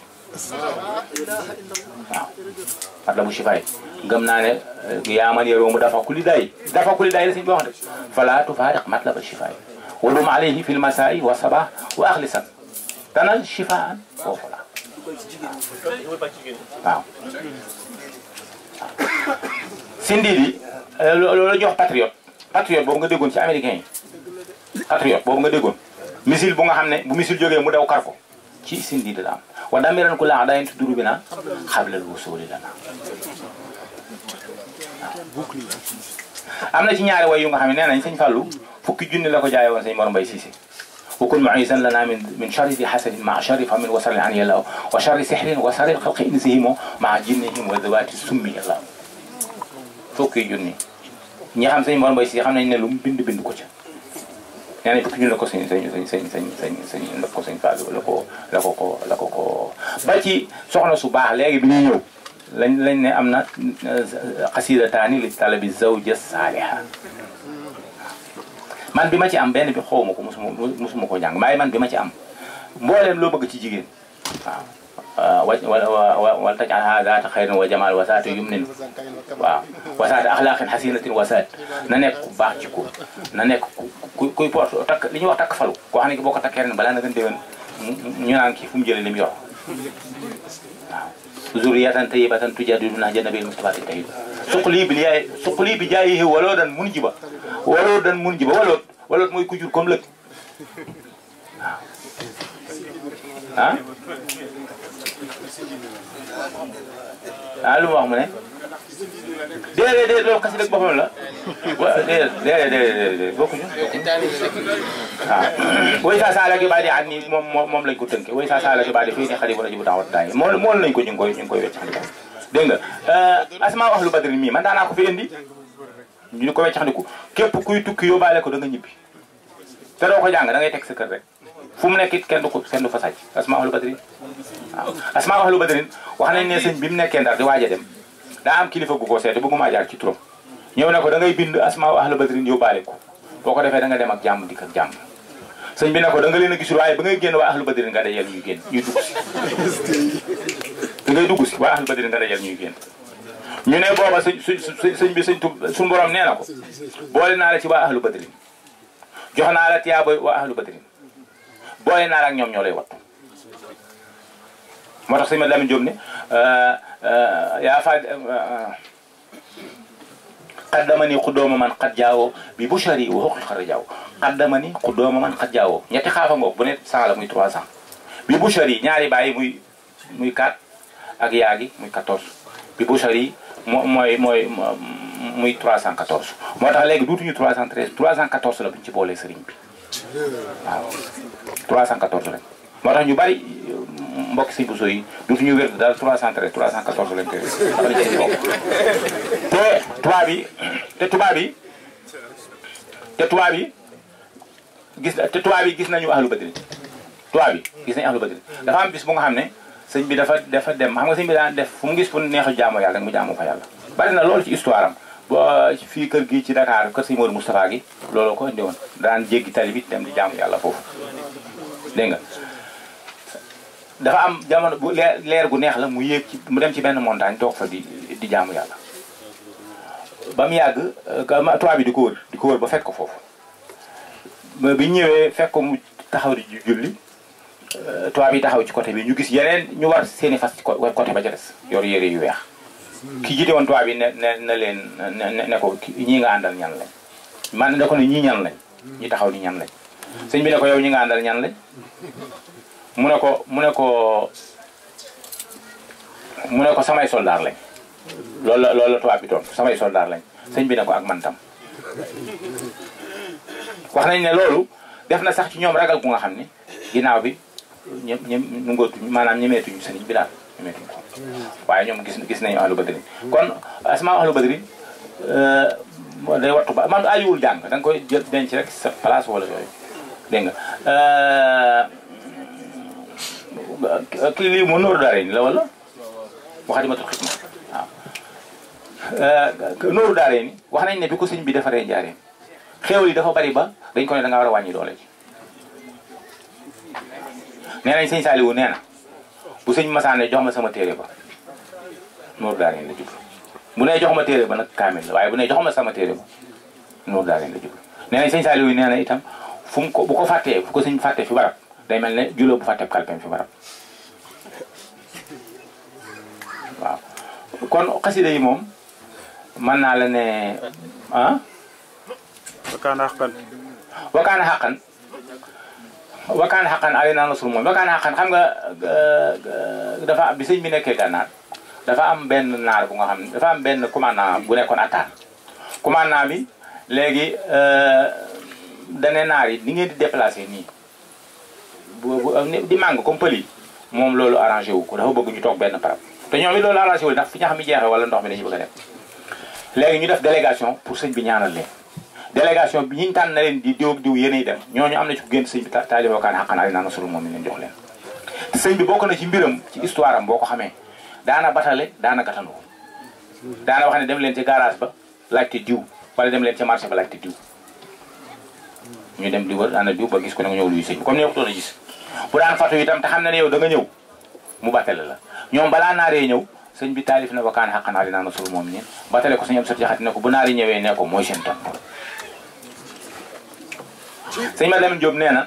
waaw matlabu shifa yi gëm naa ne eh, yaa man yaroomu dafa kuli day dafa kuli day la suñu wax de fala tufaariq matlaba shifa yi ولوم عليه waa المساء والصباح واخلصا tanal shifaan foofu la waaw sindiidi loolu la jox patriote patriote boobu nga déggoon ci américain yi patriote boobu nga déggoon missile bu nga xam ne bu missile jógee mu daw kar ko ci sindiidi la am wa damiran ku laa daayintu duru bi naa xablal wusuuli la naa am na ci ñaari way yu nga xam ne nee nañ sëñ fukki junni la ko jaayee woon sëñ Mor Mbaye Cissé wa kun mu'iizan lanaa min min charri di hasadin maa charri famin wa sarri an yàlla wa charri sihrin wa sarri xalqi insihimo maa jinnihim wa dawaati summi yàlla fukki junni ñi xam sëñ Mor Mbaye Cissé xam nañ ne lu mu bind bind ko ca nee nañ fukki junni la ko sëñ sëñ sëñ sëñ sëñ sëñ la ko sëñ Fallou la ko la ko ko la ko ko ba ci soxna su baax léegi bi ñuy ñëw lañ lañ ne am na euh, xasiidataani li talabi zawja saaliha man bi ma ci am benn bi xaw ma ko mosuma mosuma ko jàng waaye man bi ma ci am mbooleem loo bëgg ci jigéen waaw wa wal taj alha zaata xayrin wa jamaal wasaata yumnin waaw wasaata axlaaqin xasinatin wasaat na nekk ku baax ci ko na nekk ku kuy porte takk li ñuy wax takk falu koo xam ne boo ko takkee ren balaa na gën déwén ñu naan kii fu mu jëlee li mu yor waaw zurriyatan tayyibatan tujadilu na janabil mustafa tayyib suqli bi yaay suqli bi jaayihi waloo dan mun jiba waloo dan mun jiba waloot waloot mooy ku jur comme lëg ah ah déedéet déedéet loolu xasida boppam la wa déedéet déedéet déedéet bokkuñu waaw ah. way saa saala ki baadi an ni moom moom lañ ko tënke way saa saala ki baadi fii ne xadi wala jibu taxawat daay mool mool nañ ko ñu ngi koy ñu ngi koy wecc xandi dégg nga euh, asma wax lu badri mii man daanaa ko fi indi ñu ko wecc xandiku képp kuy tukki yóbbaale ko da nga ñibbi te doo ko jàng da ngay teg sa kër rek fu mu nekk it kenn du ko kenn du fa sàcc asma wax lu badri waaw asma wax lu badri wax nañ ne sëñ bi mu nekkee ndar di waaj a dem daa am kilifa gu ko seete bëgguma jaar ci turam ñëw na ko da ngay bind asmaaw ahlu badrin baale ko boo ko defee da nga dem ak jàmm dikk ak jàmm sëñ bi na ko danga leen a gisul waaye ba ngay génn waa ahlu badrin nga dajal ñuy génn ñuy dugg ngay dugg si waa ahlu badrin nga dajal ñuy génn ñu ne booba sëñ sëñ bi sëñ tub suñu borom nee na ko boole naa la ci waa ahlu badrin jox naa la tiyaaba wa ahlu badrin boole naa la ak ñoom ñoo lay wattu moo tax sëñ ma Lamin Jóob ne euh, Euh, yaa fa euh, euh, qaddamani xuddooma man xat jaawoo bi bushari wa xuqi xar jaaw ni xuddooma man xat jaawoo ñetti xaafa ngoog bu ne cent la muy trois cent bi bushari ñaari bàyyi muy muy quatre ak yaagi muy quatorze bi bushari moo mooy mooy muy 314 moo tax léegi duutuñu 313 314 la buñ ci boolee sëriñ bi waaw 314 lañ moo tax ñu bari mbokk si boso yi dootuñu wér daal 313 314 lañ koy wér. te tubaab yi te tubaab yi te tubaab yi gis te tubaab yi gis nañu ahlu badri tubaab yi gis nañu ahlu badri dafa am bis bu nga xam ne sëñ bi dafa dafa dem xam nga sëñ bi daan def fu mu gis fu neex a yàlla rek mu jaamu fa yàlla. bari na loolu ci histoire am ba fii kër gi ci Dakar kër sëñ Modou Moustapha gi looloo ko indiwoon daan jéggi tali bi dem di jaamu yàlla foofu dégg nga. dafa am jamono bu leer leer gu neex la mu yéeg ci mu dem ci benn montagne toog fa di di jaamu yàlla. ba mu yàgg euh, tubaab bi di ko wër di ko ba fekk ko foofu bi ñëwee fekk mu taxaw di julli euh, taxaw ci côté bi ñu gis yeneen ñu war seeni fas ci côté ba ca des yor yére yu weex. ki jiite woon tubaab bi ne ne ne leen ne ne ko ñii nga àndal ñan lañ man da ko ne ñii ñan lañ. ñi taxaw ni ñan lañ. sëñ bi ne ko yow ñi nga àndal ñan lañ. mu ne ko mu ne ko mu ne ko samay soldaar lañ loolu la loolu la tubaab bi toon samay soldaar lañ sëñ bi ne ko ak man tam wax nañ ne loolu def na sax ci ñoom ragal gu nga xam ni ginnaaw bi ñem ñem nu ngootuñ maanaam ñemeetuñ sëriñ bi daal ñemeetuñ ko waaye ñoom gis gis nañu ahlu badrin kon asmaa ba badrin euh, de wattu ba man aaliwul jàng da nga koy jël denc rek sa place wala yooyu dégg nga euh, kii lii mu Nuuru Daarayni la wala Muxaddamatul Xidma waaw eh, Nuuru Daarayni wax nañ ne bi ko sëñ bi defaree njaareem xew yi dafa bari ba dañ koy ne da war a wàññi doole ji nee nañ sëñ Saaliwu nee na bu sëñ jox ma sama téere ba Nuuru Daarayni la jublu bu jox ma téere ba nag kaamil la waaye bu jox ma sama téere ba Nuuru Daarayni la jublu nee nañ sëñ Saaliwu nee itam fu ko bu ko fàttee fu ko sëñ fàttee fi barab day mel ne juloo bu fa teb kalpem fi barab waaw kon xasida yi moom mën naa la ne ah. wakaana xaqan. wakaana xaqan xaqan ali naa nasul moom wakaana xaqan xam nga dafa am bi sëñ bi nekkee gànnaar dafa am benn naar bu nga xam ne dafa am benn commandant bu nekkoon attaan commandant bi léegi euh, dane naar yi ni ngeen di déplacé nii. Euh, di màng comme pël yi moom loolu arrangé wu ko dafa bëgg ñu toog benn barab te ñoom it loolu arrangé wu ndax fi nga xam ne jeexee wala ndox mi dañuy bëgg a dem léegi ñu def délégation pour sëñ bi ñaanal leen délégation bi ñi ñu tànn na leen diw ak diw yéenay dem ñooñu am na ci ku génn sëñ bi taalibokaan xaqanaa li naa na moom leen jox bokk na ci mbiram ci histoire am boo ko xamee daana batale daana gàttandu daana wax ne dem leen ci garage ba laajte diw wala dem leen ci marché ba laajte diw ñu dem di wër daana diw gis ko ne nga ñëw luy sëñ bi comme ne a gis bu daan fatu itam te xam na ne yow da nga ñëw mu battale la ñoom balaa naaree ñëw sëñ bi taalif na wakaan xaqan alayna nasrul mu'minin battale ko sëñ am sot jaxati ne ko bu naari ñëwee ne ko mooy seen topp sëñ ma dem Jóob nee na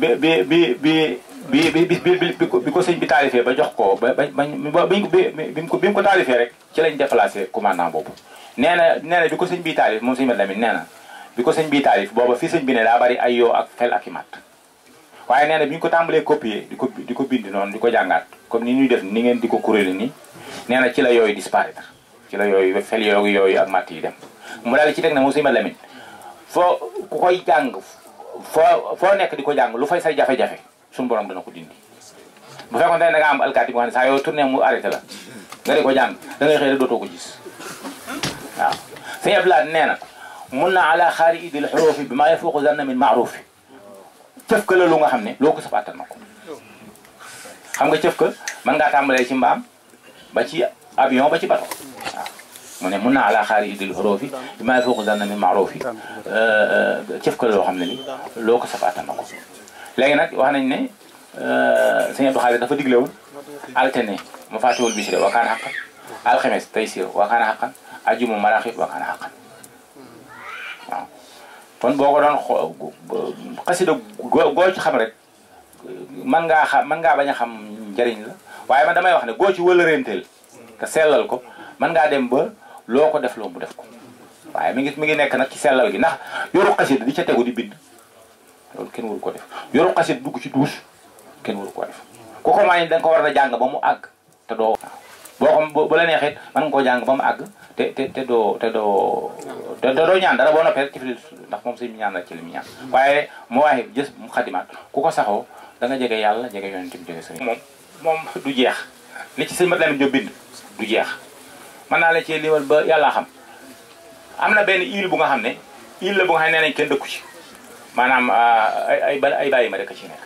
bi bi bi bi bi bi bi ko sëñ bi taalifee ba jox ko ba ba ba bi ko bi ko taalifee rek ci lañ déplacé commandant boobu nee na bi ko sëñ bi taalif moom sëñ ma Lamin nee na bi ko sëñ bi taalif booba fii sëñ bi ne daa bari ay yoo ak xel ak i mat waaye nee bi ñu ko tàmbalee copier di ko di ko bind noonu di ko jàngaat comme ni ñuy def ni ngeen di ko kuréeli nii nee na ci la yooyu disparaître ci la yooyu fel yooyu yooyu ak matt yi dem mu daal ci teg na moom ma Lamin foo ku koy jàng foo foo nekk di ko jàng lu fay say jafe-jafe suñu borom dana ko dindi bu fekkoon ne da nga am alkaati boo xam ne saa yoo tourné mu arrêté la nga ko jàng da ngay xëy rek dootoo ko gis waaw sëñ Abdoulaye nee na mun na ala xaari idil xuroofi bi maa yafuuqu zanna min maaruufi cëf ka la lu nga xam ne loo ko saf attan na ko xam nga cëf ka mën ngaa tàmbalee ci mbaam ba ci avion ba ci bato waaw mu ne mun na ala xaari idil xuroofi bi maa yafuuqu zanna min maaruufi cëf ka la loo xam ne li loo ko saf attan na ko léegi nag wax nañ ne sëñ Abdou Xaadir dafa diglewul altene ma fàttewul bisire wa kaana xaqan alxames taysir wa kaana xaqan ajuma maraaxib wa kaana xaqan kon boo ko doon xasida goo ci xam rek man ngaa xam man ngaa bañ a xam njariñ la waaye man damay wax ne goo ci wël wëlërenteel te sellal ko man ngaa dem ba loo ko def loo mu def ko waaye mi ngi mi ngi nekk nag ci sellal gi ndax yoru xasida di ca tegu di bind kenn waru ko def yoru xasit dugg ci duus kenn waru koo def ku ko maa ni da ko war a jàng ba mu àgg te doo boo xam bu la neexee mën nga koo jàng ba mu àgg te te te doo te doo te ñaan dara boo noppee rek ci ndax moom suñu ñaan la ci li mu ñaan waaye moo waaye jës mu xadimaat ku ko saxoo da nga jege yàlla jege yonent bi jege sëriñ moom moom du jeex li ci sëñ mat lamin jeex mën naa la ci liwal ba yàllaa xam am na benn île bu nga xam ne la bu xam ne nee nañ kenn dëkku ci maanaam ah, ay ay bàyyi ma rek ci nekk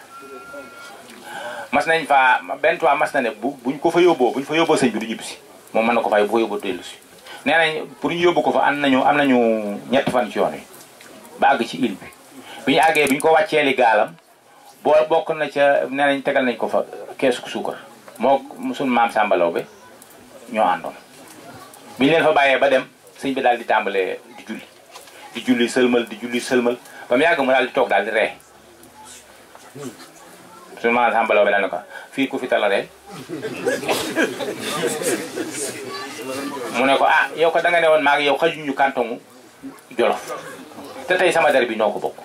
mas nañ fa benn tubaab mas na ne bu buñ ko fa yóbboo buñ fa yóbboo sëñ bi du si moom mën na ko fay bu ko yóbboo dellu si nee pour ñu yóbbu ko fa am nañu am nañu ñetti fan ci yoon wi ba àgg ci île bi bi ñu àggee ko wàcceeli gaalam boo bokk na ca nee nañ tegal nañ ko fa keesu suukar moo suñ maam Samba Laobé ñoo àndoon bi leen fa bàyyee ba dem sëñ bi daal di tàmbalee di julli di julli sëlmal di julli sëlmal ba mu yàgg mu daal di toog daal di ree suñ maam Samba Laobé daal ko fii ku fi tala ree mu ne ko ah yow ko da ne woon maa ngi yow xajuñu kantongu jolof te tey sama der bi ñoo ko bokk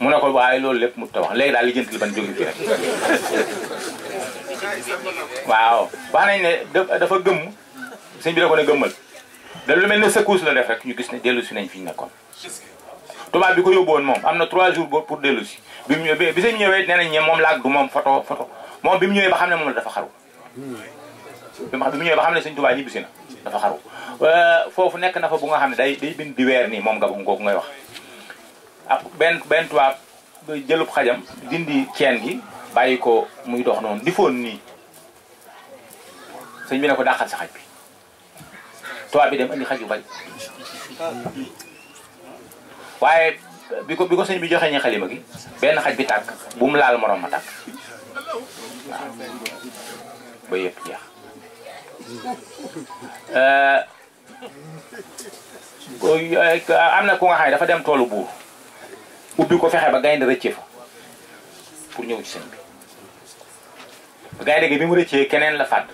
mu ne ko waaye loolu lépp mu ta wax léegi daal lijjanti li ban jóge fi rek waaw wax nañ ne dafa gëmm sëñ bi da ko ne gëmmal da lu mel ne secousse la def rek ñu gis ne dellu si nañ fi ñu nekkoon tubaab bi ko yóbbu woon moom am na trois jours boobu pour dellu bi mu ñëwee bi sëñ bi ñëwee nee nañ moom laag du moom photo photo moom bi mu ñëwee ba xam ne moom la dafa xaru bi mu xam ne sëñ Tuubaa ñibbisi na dafa xaru foofu nekk na fa bu nga xam ne day day bind di weer nii moom nga googu ngay wax ak benn benn tubaab jëlu xajam dindi ceen gi bàyyi ko muy dox noonu di foon nii sëñ bi ne ko dàqal sa xaj bi tubaab bi dem andi xaj yu bari waaye bi ko bi ko sëñ bi joxee ñu xalima gi benn xaj bi tàkk bu mu laal moroom ma tàkk waaw ba yëpp jeex am na ku nga xam dafa dem toolu buur ubbi ko fexe ba gaynde rëcce fa pour ñëw ci bi gaynde gi bi mu rëccee keneen la fàdd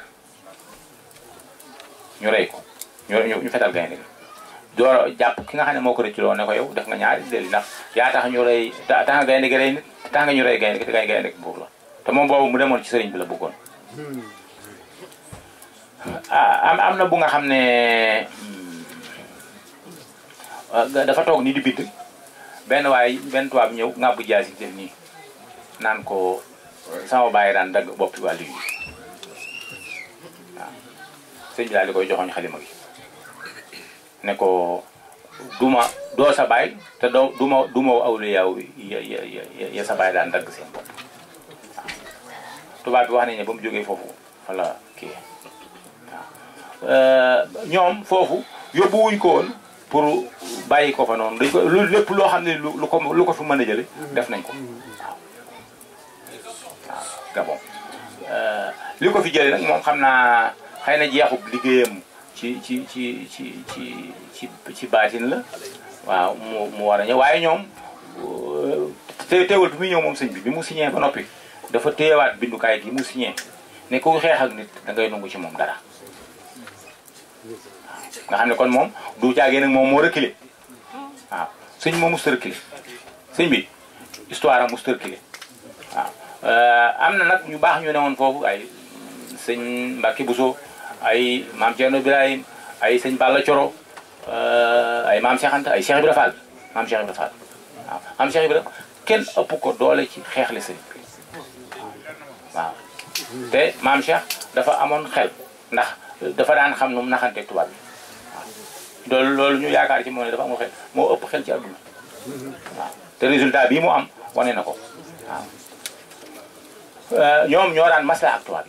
ñu rey ko ñu ñu fetal gaynde gi door jàpp ki nga xam ne moo ko rëcculoo ne ko yow def nga ñaari déli ndax yaa tax ñu rey tax nga gaynde gi rey nit tax nga ñu rey gaynde gi te gaynde gi buur la te moom boobu mu demoon ci sëriñ bi la bëggoon ah, am am na bu nga xam ne hmm, ah, dafa toog ni di bind benn waay benn tubaab ñëw ŋàbbu jaasi def nii naan ko sama bàyyi daan dagg boppi wàllu yi waaw sëñ bi daal di koy joxoñ xalima gi ne ko duma doo sa baay te doo duma duma awliyaaw ya ya sa baay daan dagg seen bopp tubaab bi wax nañu ne ba mu jógee foofu wala kii waaw euh, ñoom foofu yóbbu wuñ ko woon pour bàyyi ko fa noonu dañ lu lépp loo xam ne lu ko lu ko fi mën a jële def nañ ko waaw Gabon euh, li ko fi jële nag moom xam naa xëy na jeexub liggéeyam ci ci ci ci ci ci ci baatin la waaw mu mu war a ñëw waaye ñoom uh, te teewal bi muy ñëw moom sëñ bi bi mu signé ba noppi dafa téyewaat bindukaay gi mu signé ne ku xeex nit da ngay nangu ci moom dara nga xam ne kon moom du jàggee nag moom moo reculé waaw sëñ moo musta reculé sëñ bi histoire am musta reculé waaw uh, am na nag ñu baax ñu ne woon foofu ay sëñ bu Bousso ay maam Thierno Ibrahim ay sëñ Balla Coro euh, ay maam Cheikh Anta ay Cheikh Ibra Fall maam Cheikh Ibra Fall kenn ëpp ko doole ci xeexle sëñ waaw te maam Cheikh dafa amoon xel ndax dafa daan xam nu mu naxanteeg tubaab loolu ñu yaakaar ci moo ne dafa amoon xel moo ëpp xel ci àdduna waaw te résultat bii mu am wane na ko waaw euh, ñoom ñoo daan maslaa ak tubaab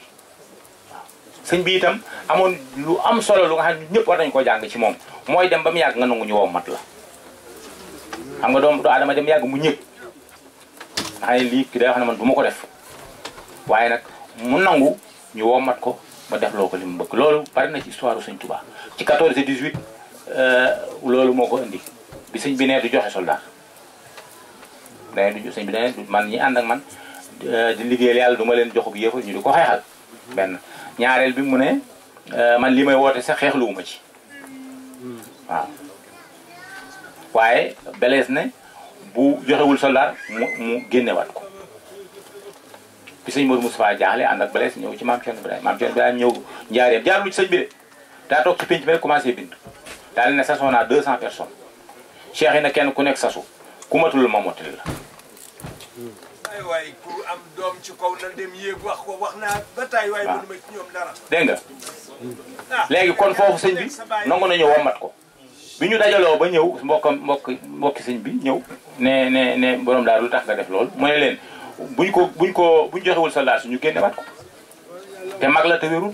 sëñ bi itam amoon lu am solo lu nga xam ñëpp war nañu koo jàng ci moom mooy dem ba mu yàgg nga nangu ñu wow mat la xam nga doom do adama dem yàgg mu ñëg nga xam ne lii ki day wax ne man du ma nangu ñu mat ko ba def loo ko li mu bëgg loolu bari na ci histoire u sëñ Touba ci 14 et 18 euh, loolu moo ko indi sëñ bi nee joxe soldat dane du sëñ bi man ñi ànd ak man euh, di liggéeyal yàlla du ma leen joxub yëpp ñu di ko xeexal benn ñaareel bi mu ne euh, man lii may woote sax xeexluwuma ci waaw waaye belees ne bu joxewul soldaar mu mu génnewaat ko bi moo Modou Moustapha jaaxle ànd ak belees ñëw ci maam Thierno Birahim maam Thierno Birahim ñëw njaareem jaarlu ci sëñ bi de daa toog ci pénc bi rek commencé bind daal ne sasoo deux cent personnes cheikh yi na kenn ku nekk sasu ku matul ma mottali la ay waay doom ci kaw na dem yéeg wax ko wax naa ba taay waay ah. mënu ma ci ñoom dara dégg nga ah. Ah. léegi kon foofu sëñ bi nangu nañu wommat ko bi ñu dajaloo ba ñëw mbokkam mbokk mbokki sëñ bi ñëw ne ne ne borom daal lu tax nga def lool mu ne leen buñ ko buñ ko buñ joxewul soldat su ñu génne wat ko te mag la te wérul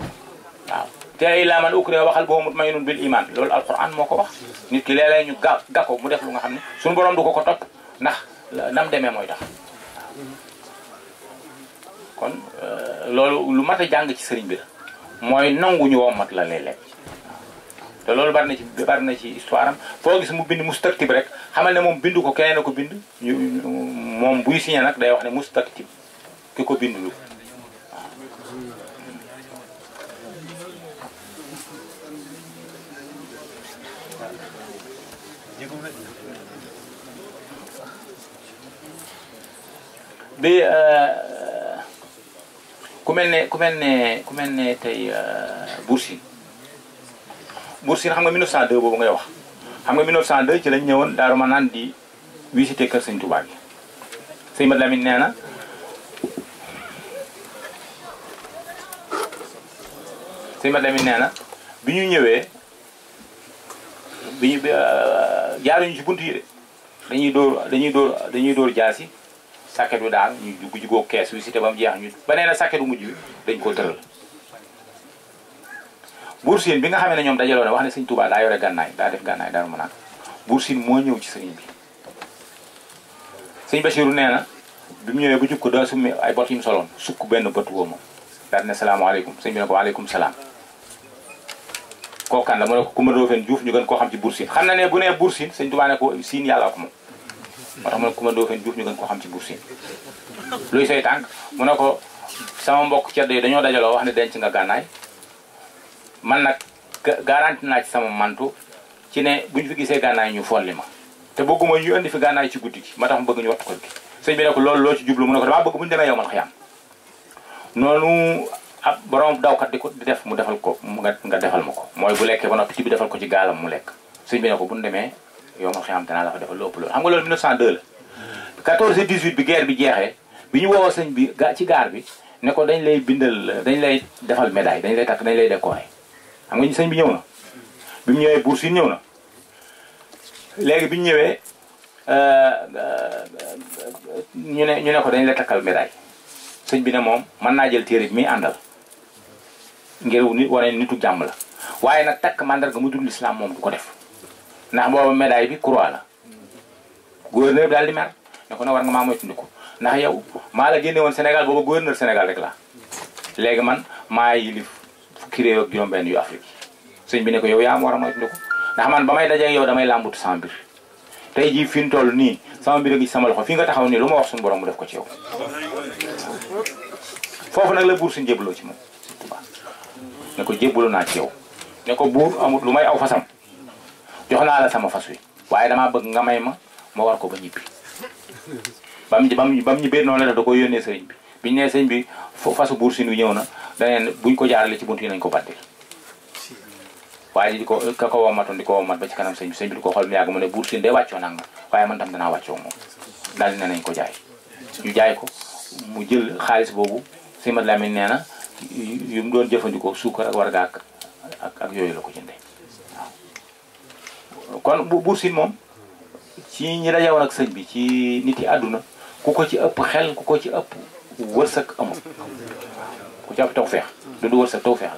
waaw te illaa man a waxal boo mut maynun bil iman loolu alquran moo ko wax nit ki léeg-léeg ñu ga gàkko mu def lu nga xam ne suñu borom du ko ko topp ndax nam demee mooy tax kon euh, loolu lu mat a jàng ci sëriñ bi la mooy nanguñu mat la lay lekk te loolu bari ci bari na ci histoire am foo gis mu bind mustaktib rek xamal ne moom bindu ko keneen ko bind moom buy signé nag day wax ne mustaktib ki ko bind lu bi ku mel ne ku mel ne ku mel ne tey Buur Siin Buur Siin xam nga 1902 boobu ngay wax xam nga 1902 ci lañ ñëwoon Daaru Manaan di visité kër Sëñ Tuubaa bi sëñ Mat Lamin nee na sëñ Mat Lamin nee na bi ñuy ñëwee bi ñu euh, jaaruñu bunt yi de dañuy dóor dañuy dóor dañuy dóor jaasi sàkket bi daal ñu dugg jugoo kees wi cité ba mu jeex ñu ba nee na sàkket bu mujj bi dañ koo tëral Buur bi nga xamee ne ñoom dajaloo ne wax ne sëñ Touba daa yore gànnaay daa def gànnaay daaru mën a Buur Siin moo ñëw ci sëriñ bi sëñ Bachirou nee na bi mu ñëwee bu jub ko daa summi ay bot yi mu soloon sukk benn bët woo ma daal ne salaamaaleykum sëñ bi ne ko waaleykum salaam kookan la mu ne ko Coumba Ndoffène Diouf ñu gën koo xam ci Buur xam na ne bu nee Buur sëñ Touba ne ko siin yàlla ko moom moo tax mu ne ku ma Ndofène ñu gën ko xam ci buur siin luy say tànk mu ne ko sama mbokk ceddo yi dañoo dajaloo wax ne denc nga gànnaay man nag garanti naaj sama mantu ci ne buñu fi gisee gànnaay ñu folli ma te bëgguma ñu indi fi gànnaay ci guddi gi ma tax mu bëgg ñu wattu ko gi sëñ bi ko loolu loo ci jublu mu ne ko damaa bëgg bu ñu demee yow man xiyam noonu ab borom dawkat di ko di def mu defal ko nga defal ma ko mooy bu lekkee ba noppi ci bi defal ko ci gaalam mu lekk sëñ bi ko bu demee yow ma xam danaa la ko defal lu ëpp loolu xam nga loolu 1902 la 14 18 bi guerre bi jeexee bi ñu woowoo sëñ bi ga ci gaar bi ne ko dañ lay bindal dañ lay defal médaille dañ lay takk dañ lay décorer xam nga sëñ bi ñëw na bi ñëwee Buur si ñëw na léegi bi ñu ñëwee euh, euh, ñu ne ñu ne ko dañ lay takkal médaille sëñ bi ne moom mën naa jël téere bi muy àndal ngir nit wane nitu jàmm la waaye nag takk mandarga mu dul lislaam moom du ko def ndax booba médaille bi croix la gouverneur bi daal di mer ne ko ne war nga maa moytandiku ndax yow maa la génne woon Sénégal booba gouverneur Sénégal rek la léegi man maa yilif fukki réew ak juróom yu Afrique sëñ bi ne yow yaa ma war ndax man ba may dajeeg yow damay làmbutu sama mbir te jii fi mu toll nii sama mbir a ngi sama loxo fi nga taxaw nii lu ma wax suñu borom mu def ko ci yow foofu nag la buur suñu jébaloo ci moom ne ko jébalu naa ci yow ne ko buur amut lu may aw fasam jox naa la sama fas wi waaye damaa bëgg nga may ma ma war ko ba ñibbi ba mu bam ba mu ñibbee noonu la da ko yónnee sëriñ bi biñ nee sëriñ bi fasu buur sin wi ñëw na daneen buñ ko jaarale ci bunt yi nañ ko baddil waaye di ko ka ko womatoon di ko womat ba ci kanam sëñ bi sëñ ko xool mu yàgg mu ne buur sin dee wàccoo waaye man tam danaa wàccoo moom daal ne nañ ko jaay ñu jaay ko mu jël xaalis boobu sëñ Mat Lamin nee na yu mu doon jëfandikoo suukar ak warga ak ak yooyu la ko jëndee kon bu Buur Siin moom ci ñi dajewoon ak sëñ bi ci nit yi àdduna ku ko ci ëpp xel ku ko ci ëpp wërsëg amul ku ci ëpp taw feex du wërsëg taw feex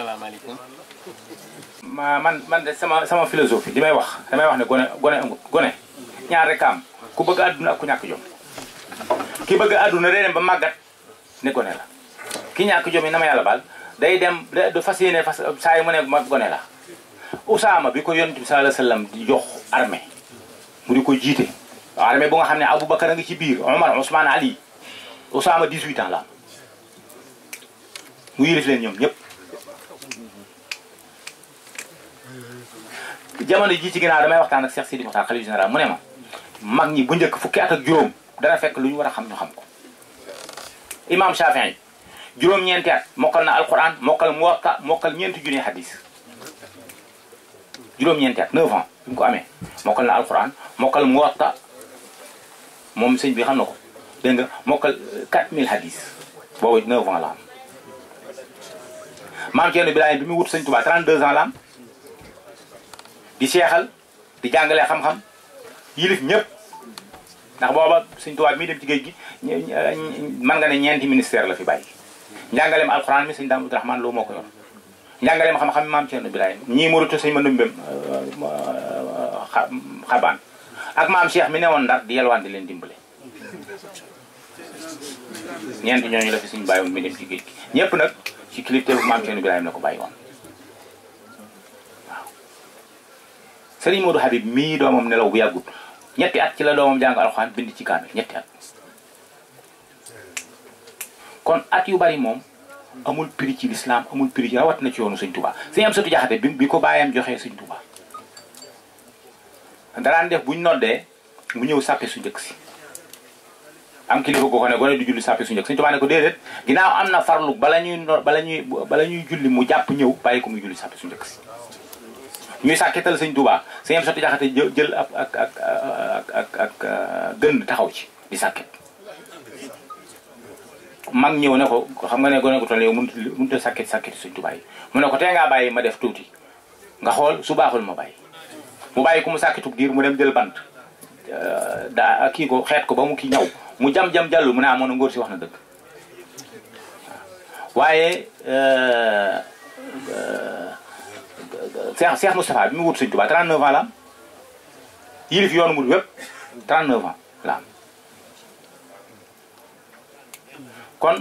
la ma man man de sama sama philosophie li may wax damay wax ne gone gone amut gone ñaar rek am ku bëgg àdduna ak ku ñàkk jom ki bëgg àdduna day dem ba màggat ne gone la ki ñàkk jom yi na ma yàlla baal day dem du fas yéene fas saa ma ne ma gone la Usaama bi ko yonent bi sallallahu alayhi wasallam di jox armée mu di ko jiite armée bu nga xam ne Aboubacar a ngi ci biir Omar Ousmane Ali Usaama 18 ans la mu yilif leen ñoom ñëpp jamono ji ci ginnaaw damay waxtaan ak Cheikh Sidi Mokhtar xalifa général mu ne ma mag ñi bu njëkk fukki at ak juróom dana fekk lu ñu war a xam ñu xam ko imam Shafi'i juróom-ñeenti at mokkal na alquran mokkal Muwatta mokkal ñeenti junne hadis juróom-ñeenti at 9 ans bi mu ko amee mokkal na alquran mokkal Muwatta moom sëñ bi xam na ko dégg nga mokkal 4000 hadis boobu 9 ans la am bi Thierno Birahim bi mu wut sëñ Tuubaa 32 ans la am. di seexal di jàngale xam-xam yilif ñëpp ndax booba suñ tubaab mii dem ci géej gi man nga ne ñeenti ministère la fi bàyyi njàngaleem alxuraan mi suñ daam abdourahman loo moo ko yor njàngaleem xam-xam mi maam Cerno Birahim ñii marutu suñ ma numbem euh, xabaan ak maam Cheikh mi newoon ndar di yelwaan di leen dimbale ñeenti ñooñu la fi suñu bàyyi woon mi dem ci géej gi ñëpp nag ci kilifteefu maam Cerno Birahim la ko bàyyi woon Serigne Modou Habib mii doomam nelaw bu yàggut ñetti at ci la doomam jàng alxuraan bind ci kaamil ñetti at kon at yu bari moom amul prix ci lislaam amul prix ci rawat na ci yoonu Sëñ Tuubaa Sëñ Amsatu Jaxate bi bi ko baayam joxee suñ Tuubaa daraan def buñ noddee mu ñëw sàppe su njëkk si am kilifa goo ko ne gone du julli sàppe su njëkk Sëñ Tuubaa ne ko déedéet ginnaaw am na farlu bala ñuy bala ñuy bala ñuy julli mu jàpp ñëw bàyyi ko muy julli sàppe su njëkk ñuy sàkketal sëñ Tuubaa sëñ am sotti jaxate jël ak ak ak ak ak euh, gën taxaw ci di sàkket mag ñëw ne ko xam nga ne gone ko toll yow mënut a sàkket sàkket sëñ Tuubaa yi mu ne ko tee ngaa bàyyi ma def tuuti nga xool su baaxul ma bàyyi mu bàyyi ko mu sàkketu diir mu dem jël bant euh, daa kii ko xeet ko ba mu ki ñaw mu jam-jam jàllu mu ne amoon ah, na si wax na dëgg waaye euh, Cheikh Cheikh Moustapha bi mu wut Sëñ Tuubaa 39 ans la am yilif yoonu mu wépp 39 ans la am kon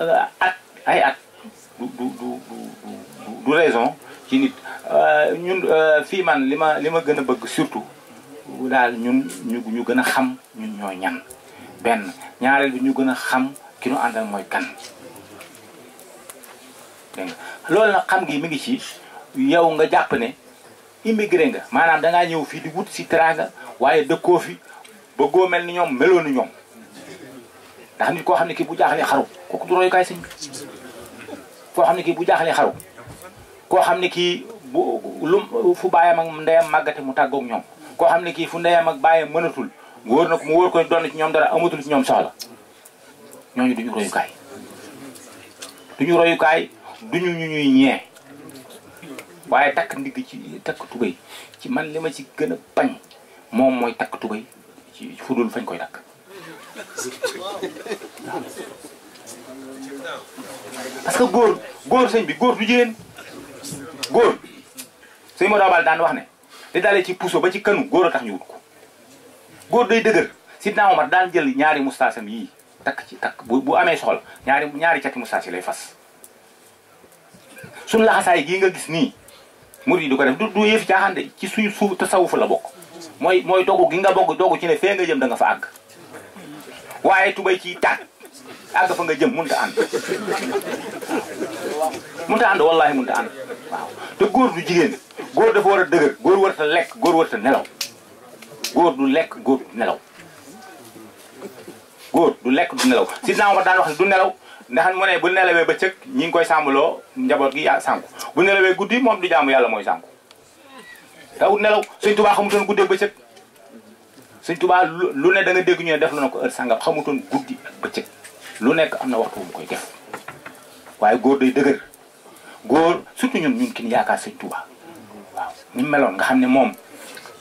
euh, at ay at du du du du du raison ci nit euh, ñun euh, fii man li ma li ma gën a bëgg surtout daal ñun ñu gën a xam ñun ñoo ñan benn ñaareel bi ñu gën a xam ki ñu àndal mooy kan loolu nag xam gi mi ngi ci. yow nga jàpp ne immigré nga maanaam dangaa ñëw fii di wut si teraanga waaye dëkkoo fi bëggoo mel ni ñoom meloonu ñoom ndax nit koo xam ne kii bu jaaxlee xaru kooku du koo xam ne kii bu jaaxlee xaru koo xam ne kii bu lu fu baayam ak ndeyam màggate mu tàggook ñoom koo xam ne kii fu ndeyam ak baayam mënatul wóor mu wóor ko doon ci ñoom dara amatul ci ñoom soxla ñooñu duñu royukaay duñu royukaay duñu ñu ñuy ñee waaye takk ndigg ci takk tubéy ci man li ma ci gën a bañ moom mooy takk tubéy ci fudul fañ koy takk parce que góor góor sëñ bi góor du jigéen góor sëñ moo daan wax ne di dalee ci puso ba ci kanu góor a tax ñu wut ko góor day dëgër Sidna Omar daan jël ñaari mustaasam yii takk ci takk bu bu amee soxla ñaari ñaari cati mustaas yi lay fas suñ laxasaay gii nga gis nii murid yi di ko def du du yëf caaxaan de ci suñu suuf tasawuf la bokk mooy mooy dogu gi nga bokk dogu ci ne fee nga jëm da nga fa àgg waaye tubay ciy taat àgg fa nga jëm mënut a ànd waaw mënut ànd wallaahi mënut a ànd te góor du jigéen góor dafa war a dëgër góor warut a lekk góor war a nelaw góor du lekk góor nelaw góor du lekk du nelaw si naa ma daan wax ne du nelaw ndax mu ne bu nelawee bëccëg ñi ngi koy sàmmloo njaboot gi yaa sànku bu nelawee guddi moom du jaamu yàlla mooy sànku dawut nelaw Sëñ Tuubaa xamutoon guddee bëccëg Sëñ Tuubaa lu ne da nga def na ko heure sàngam xamutoon guddi ak bëccëg lu nekk am na waxtu bu mu koy def waaye góor day dëgër góor surtout ñun ñun kin yaakaar Sëñ Tuubaa nu ni meloon nga xam ne moom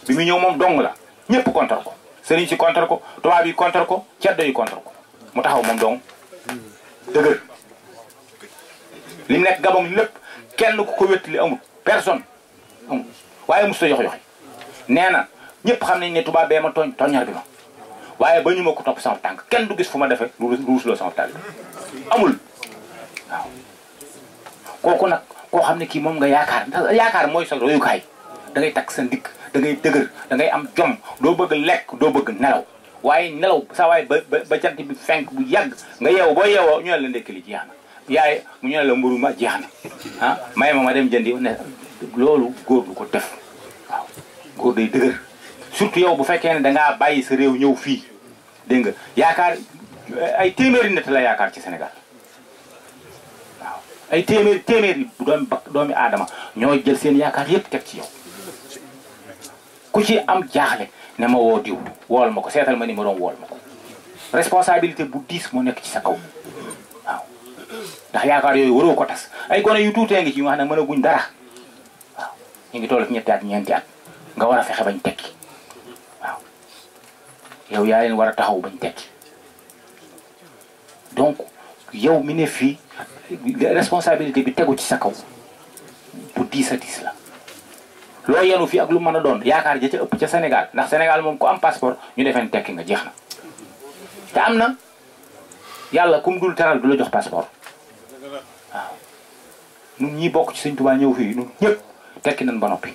bi mu ñëw moom dong la ñëpp contre ko sëriñ si contre ko tubaab yi contre ko ceddo yi contre ko mu taxaw moom dong dëgër li mu nekk Gabon lépp kenn ku ko wéttali amul personne amul waaye mosut a yox yoxi nee na ñëpp xam nañ ne tubaab bee ma tooñ tooñar bi ma waaye ba ñu ko topp sama tànk kenn du gis fu ma defee lu ruusloo sama tànk amul waaw kooku nag koo xam ne kii moom nga yaakaar yaakaar mooy sa royukaay dangay takk sa ndigg dangay ngay dëgër da ngay am jom doo bëgg lekk doo bëgg nelaw waaye nelaw saa waaye ba ba jant bi fenk bu yàgg nga yeewu boo yeewoo ñu ne la ndekki li jeex na yaay mu ñu ne la mburu ma jeex na ah may ma ma dem jëndi loolu góor du ko def waaw góor day dëgër surtout yow bu fekkee ne dangaa bàyyi sa réew ñëw fii dégg nga yaakaar ay téeméeri nit la yaakaar ci senegal waaw ay téeméeri téeméeri doomi bakk doomi aadama ñoo jël seen yaakaar yépp teg ci yow ku ci am jaaxle ne ma woo diw wool ma ko seetal ma numéro wool ma ko responsabilité bu diis moo nekk ci sa kaw ndax yaakaar yooyu waroo ko tas ay gone yu tuutee ngi ci ñu wax ne mën a guñ dara waaw ñu ngi toll ci ñetti at ñeenti at nga war a fexe bañ tekki waaw yow yaa war a taxaw bañ tekki donc yow mi ne fii responsabilité bi tegu ci sa kaw bu diis a diis la loo yenu fii ak lu mën a doon yaakaar ja ca ëpp ca Sénégal ndax Sénégal moom ku am passeport ñu defeen tekki nga jeex na te am na yàlla kum dul teral du la jox passeport waaw nun bokk ci Sëñ ñëw fii nun ñëpp tekki nañ ba noppi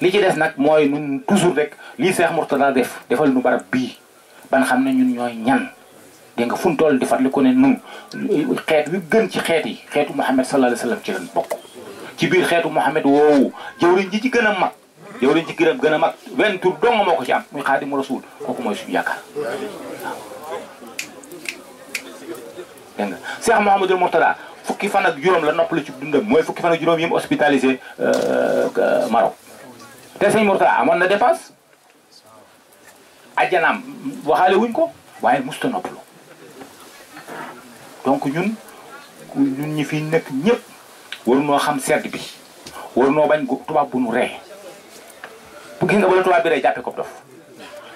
li ci des nag mooy nun toujours rek lii Seex Murtada def defal nu barab bii ban xam ne ñun ñooy ñan dégg nga fu mu toll di fàttaliku ne nun xeet wi gën ci xeet yi xeetu Muhammad sallallahu alayhi wa sallam ci lañ bokk ci biir xeetu Mouhamed woowu jëwriñ ji ci gën a mag jëwriñ ci gën a gën a mag wenn tur dong moo ko ci am muy xaadimu rasul kooku mooy suñu yaakaar waaw. dégg nga Cheikh Mouhamadul fukki fan ak juróom la noppali ci dundam mooy fukki fan ak juróom yi mu hospitalisé euh, Maroc te sëñ Mourtada amoon na dépense ajjanaam waxaale wuñ ko waaye musta noppalu donc ñun ñun ñi fi nekk ñëpp. waru noo xam sedd bi waru noo bañ tubaab bu nu ree bu gis nga bala tubaab bi ree jàppe ko dof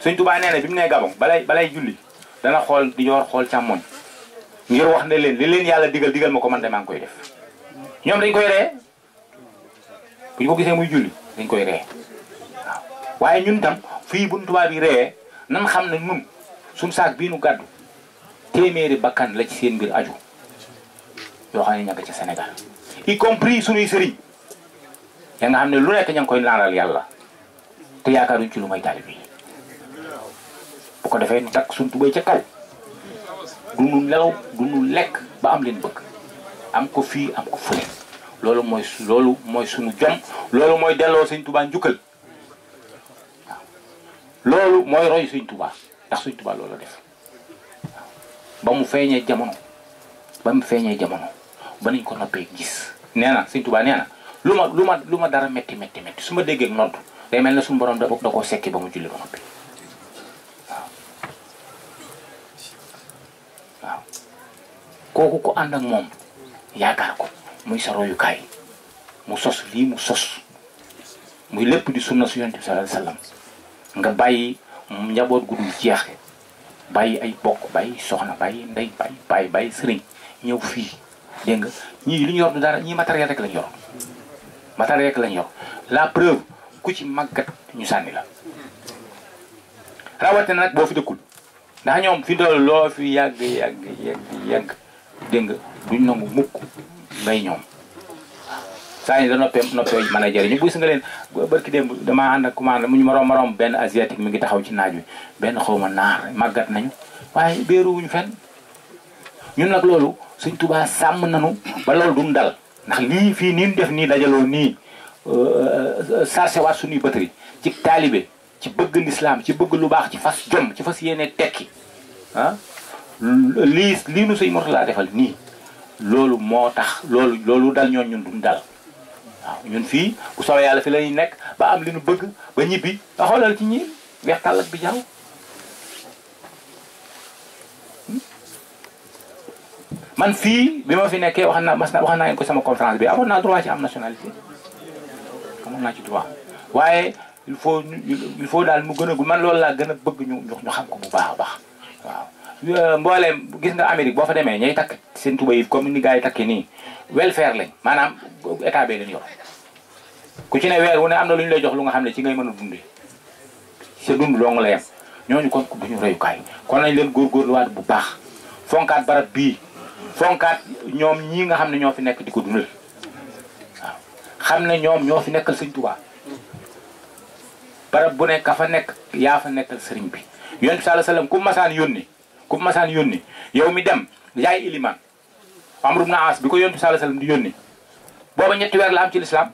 suñ tubaab bi mu nee gabon balay balay julli dana xool di yor xool càmmoñ ngir wax leen li leen yàlla digal digal ma ko man de koy def dañ koy ree bu gisee muy julli dañ koy ree waaye ñun tam fii bu tubaab yi ree nan xam ne nun suñu saak bii nu gàddu téeméeri bakkan la ci seen mbir aju yoo xam ne ñàkk ca Sénégal y compris suñuy sëriñ ya nga xam ne lu nekk ña ngi koy naanal yàlla te yaakaaruñ ci lu may taalib yi bu ko defee nu takk suñ tubay ca kaw lekk am leen bëgg am ko fii am ko loolu mooy loolu mooy loolu mooy delloo sëñ tubaa njukkal loolu mooy roy sëñ tubaa ndax sëñ tubaa loolu def ba mu feeñee jamono ba mu feeñee jamono ba nañ ko noppee gis nee na sëñ Tuubaa lu ma lu ma lu ma dara metti métti métti su ma déggee nodd day mel ne suñu borom da koo sekki ba mu julli ba noppi waaw waaw kooku ku ànd ak moom yaakaar ko muy sa royukaay mu sos lii mu sos muy lépp di sunna su yonent sa sallallahu alayhi wasallam nga bàyyi njaboot gu dul jeex bàyyi ay bokk bàyyi soxna bàyyi ndey bàyyi bàyyi sëriñ ñëw fii dégg nga ñii ñu yor du dara ñii matériel rek lañ yor matériel rek lañ yor la ku ci màggat ñu sànni la rawatina nag boo fi dëkkul ndax ñoom fi dool loo fi yàgg yàgg yàgg yàgg dégg nga duñ nangu mukk ngay ñoom saa yi da noppee noppee mën a jëriñu bu gis nga leen barki démb damaa ànd ak mu ñu ma romb ma romb benn asiatique mi ngi taxaw ci naaj wi benn xaw ma naar màggat nañu waaye béeruwuñu fenn ñun nag loolu suñ tubaa sàmm nanu ba loolu duñ dal ndax lii fii nii def nii dajaloo nii sarse euh, waat suñuy batari ci taalibe ci bëgg lislaam ci bëgg lu baax ci fas jom ci fas yéene tekki ah lii lii nu sëñ Murtala defal nii loolu moo tax loolu loolu dal ñoo ñun duñ dal waaw ñun fii bu soobee yàlla fi lañuy nekk ba am li nu bëgg ba ñibbi ba xoolal ci ñi weex tàll ak bi jaaw hmm? man fii bi ma fi nekkee wax naa mas na wax naa ko sama conférence bi amoon naa droit ci am nationalité amoon naa ci droit waaye il faut il faut daal mu gën a man loolu laa gën a bëgg ñu xam ko bu baax a baax waaw. Euh, mbooleem gis nga Amérique boo fa demee ñay takk seen tuba yi comme ni gars yi takkee nii welfare lañ maanaam état bee leen yor ku ci ne weer wu ne am na lu ñu lay jox lu nga xam ne ci ngay mën a dundee sa dund dong la yem ñooñu kon ko reyukaay kon nañ leen bu baax fonkaat bii. fonkaat ñoom ñii nga xam ne ñoo fi nekk di ko dundal ne ñoom ñoo fi nekkal sëñ Tuubaa barab bu nekk ka nekk yaa fa nekkal sëriñ bi yonent bi sallallahu alayhi wasallam ku masaan yónni ku masaan yónni yow mi dem yaay iliman amrum na as bi ko yonent bi sallallahu alayhi wasallam di yónni booba ñetti weer la am ci lislaam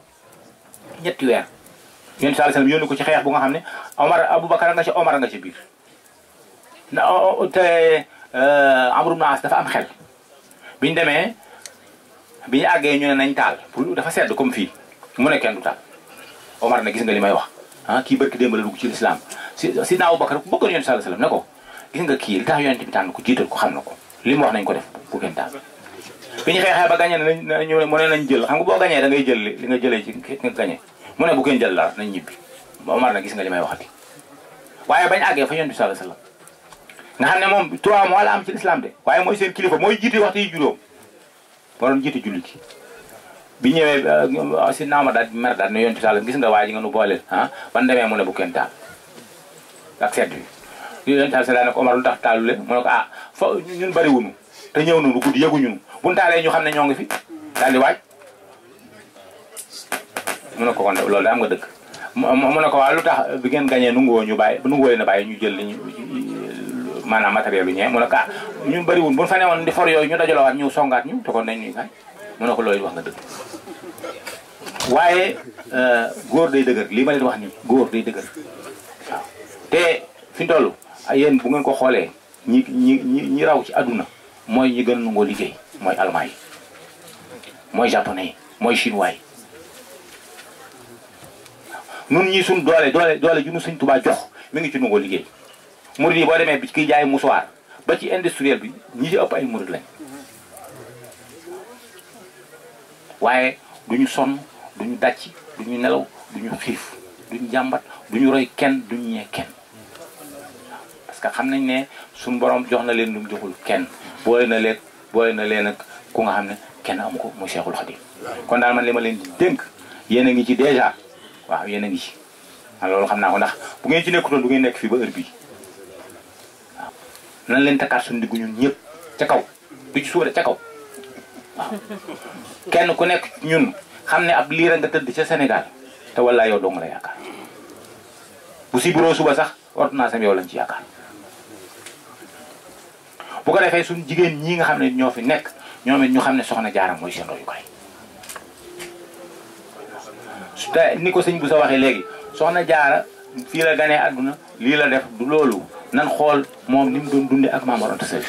ñetti weer yonent bi sallallahu alayhi ko ci xeex bu nga xam ne Omar bakar nga ci Omar nga ci biir na te euh, amrum na as dafa am xel bi ñu demee bi ñu àggee ñu ne nañ taal pour dafa sedd comme fii mu ne kenn du taal Omar na gis nga li may wax ah kii barki démb la dugg ci lislaam si si naaw Bakar ku bëggoon yonent sallallahu alayhi wasallam ne ko gis nga kii tax yonent bi tànn ko ko xam na ko li mu wax nañ ko def bu kenn taal bi ñu xeexee ba gagné nañ mu ne nañ jël xam nga boo gagné da ngay jël li nga jëlee ci nga gagné mu ne bu kenn jël la nañ ñibbi Omar na gis nga li may waxati waaye bañ àggee fa yonent bi sallallahu sa la nga xam ne moom trois mois la am ci lislaam de waaye mooy seen kilifa mooy jiite waxtu yi juróom moo doon jiite julli ci bi ñëwee euh, si naama daal mer daal ne yontu sàll gis nga waa ji nga nu booleel ah ban demee mu ne bu kenn taal ak sedd bi yontu sàll daa ne ko Omar lu tax taalu leen mu ne ko ah fa ñun bëri wunu te ñëw nunu guddi yëguñu nu buñ taalee ñu xam ne ñoo ngi fi daal di waaj mu ne ko kon loolu da am nga dëkk mu ne ko waa lu tax bi ngeen gañee nu nguwoo ñu bàyyi nu nguwoo leen a bàyyi ñu jël li ñu maanaam matériel yu ñëwee mu ah, ñu bëriwul bu fa newoon di for yooyu ñu dajalawaat ñëw songaat ñu te kon nañ ñuy kaay mu ne ko loolu wax nga dëgg waaye euh, góor day dëgër lii ma leen wax nii góor day dëgër waaw te fi ñu toll yéen bu ngeen ko xoolee ñi ñi ñi raw ci àdduna mooy ñi gën a liggéey mooy allemand yi mooy japonais yi mooy chinois yi nun ñii suñ doole doole doole ju nu suñ tubaa jox mu ngi ci nangoo liggéey murid yi boo demee bi kiy jaay musuwaar ba ci industriel bi ñi ci ëpp ay murid lañ waaye duñu sonn duñu dàcc duñu nelaw duñu xiif duñu jàmbat ñu roy kenn duñu ñee kenn parce que xam nañ ne suñu borom jox na leen lu mu joxul kenn boole na leen boole na leen ak ku nga xam ne kenn amu ko muy Cheikhul Khadim kon daal man li ma leen di dénk yéen a ngi ci déjà waaw yéen ngi ci man loolu xam naa ko ndax bu ngeen ci nekkutoon du ngeen nekk fii ba heure nan leen takkaat suñu diggu ñun ñépp ca kaw du ci suure ca kaw kenn ku nekk ñun xam ne ab liira a nga tëdd ca Sénégal te walla yow dong la yaakaar bu si suba sax ordonnance am lañ ci yaakaar bu ko defee suñ jigéen ñii nga xam ne ñoo fi nekk ñoom it ñu xam ne soxna jaara mooy seen royukaay te ni ko sëñ bu sa waxee léegi soxna jaara fii la ganee àdduna lii la def du loolu nan xool moom ni mu doon dundee ak Maam Mor Anta Sali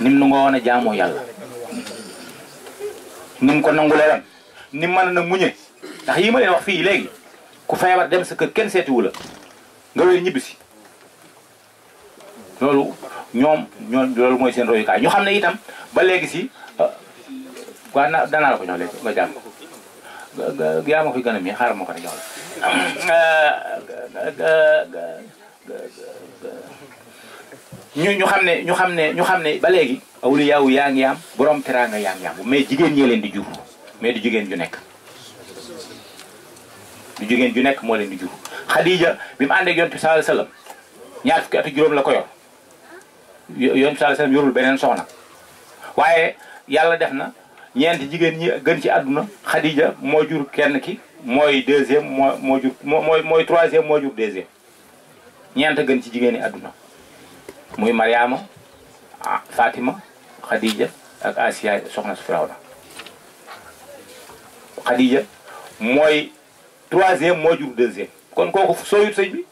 ni mu nu nga woon a jaamoo yàlla ni ko nangulee lan ni mu na muñe ndax yi ma leen wax fii léegi ku feebar dem sa kër kenn seetiwu nga wér ñibbi loolu ñoom ñoom loolu mooy seen royukaay ñu xam ne itam ba léegi si uh, waa na danaa la ko fi gën a mi xaaral ma ko ne jox la ñu ñu xam ne ñu xam ne ñu xam ne ba léegi awliyaaw yaa ngi am borom teraanga yaa ngi am mais jigéen ñee leen di jur mais du jigéen ju nekk du jigéen ju nekk moo leen di jur xadija bi mu ànd ak yonent bi sallallahu alayhi wasallam ñaar juróom la ko yor yonent bi yorul beneen soxna waaye yàlla def na ñeenti jigéen ñi gën ci àdduna Khadija moo jur kenn ki mooy deuxième moo moo jur mooy mooy troisième moo jur deuxième ñeent gën ci jigéen ñi àdduna muy Mariama ah, Fatima Khadija ak Asiya soxna su Firawna Khadija mooy troisième moo jur deuxième kon kooku sooyut sëñ bi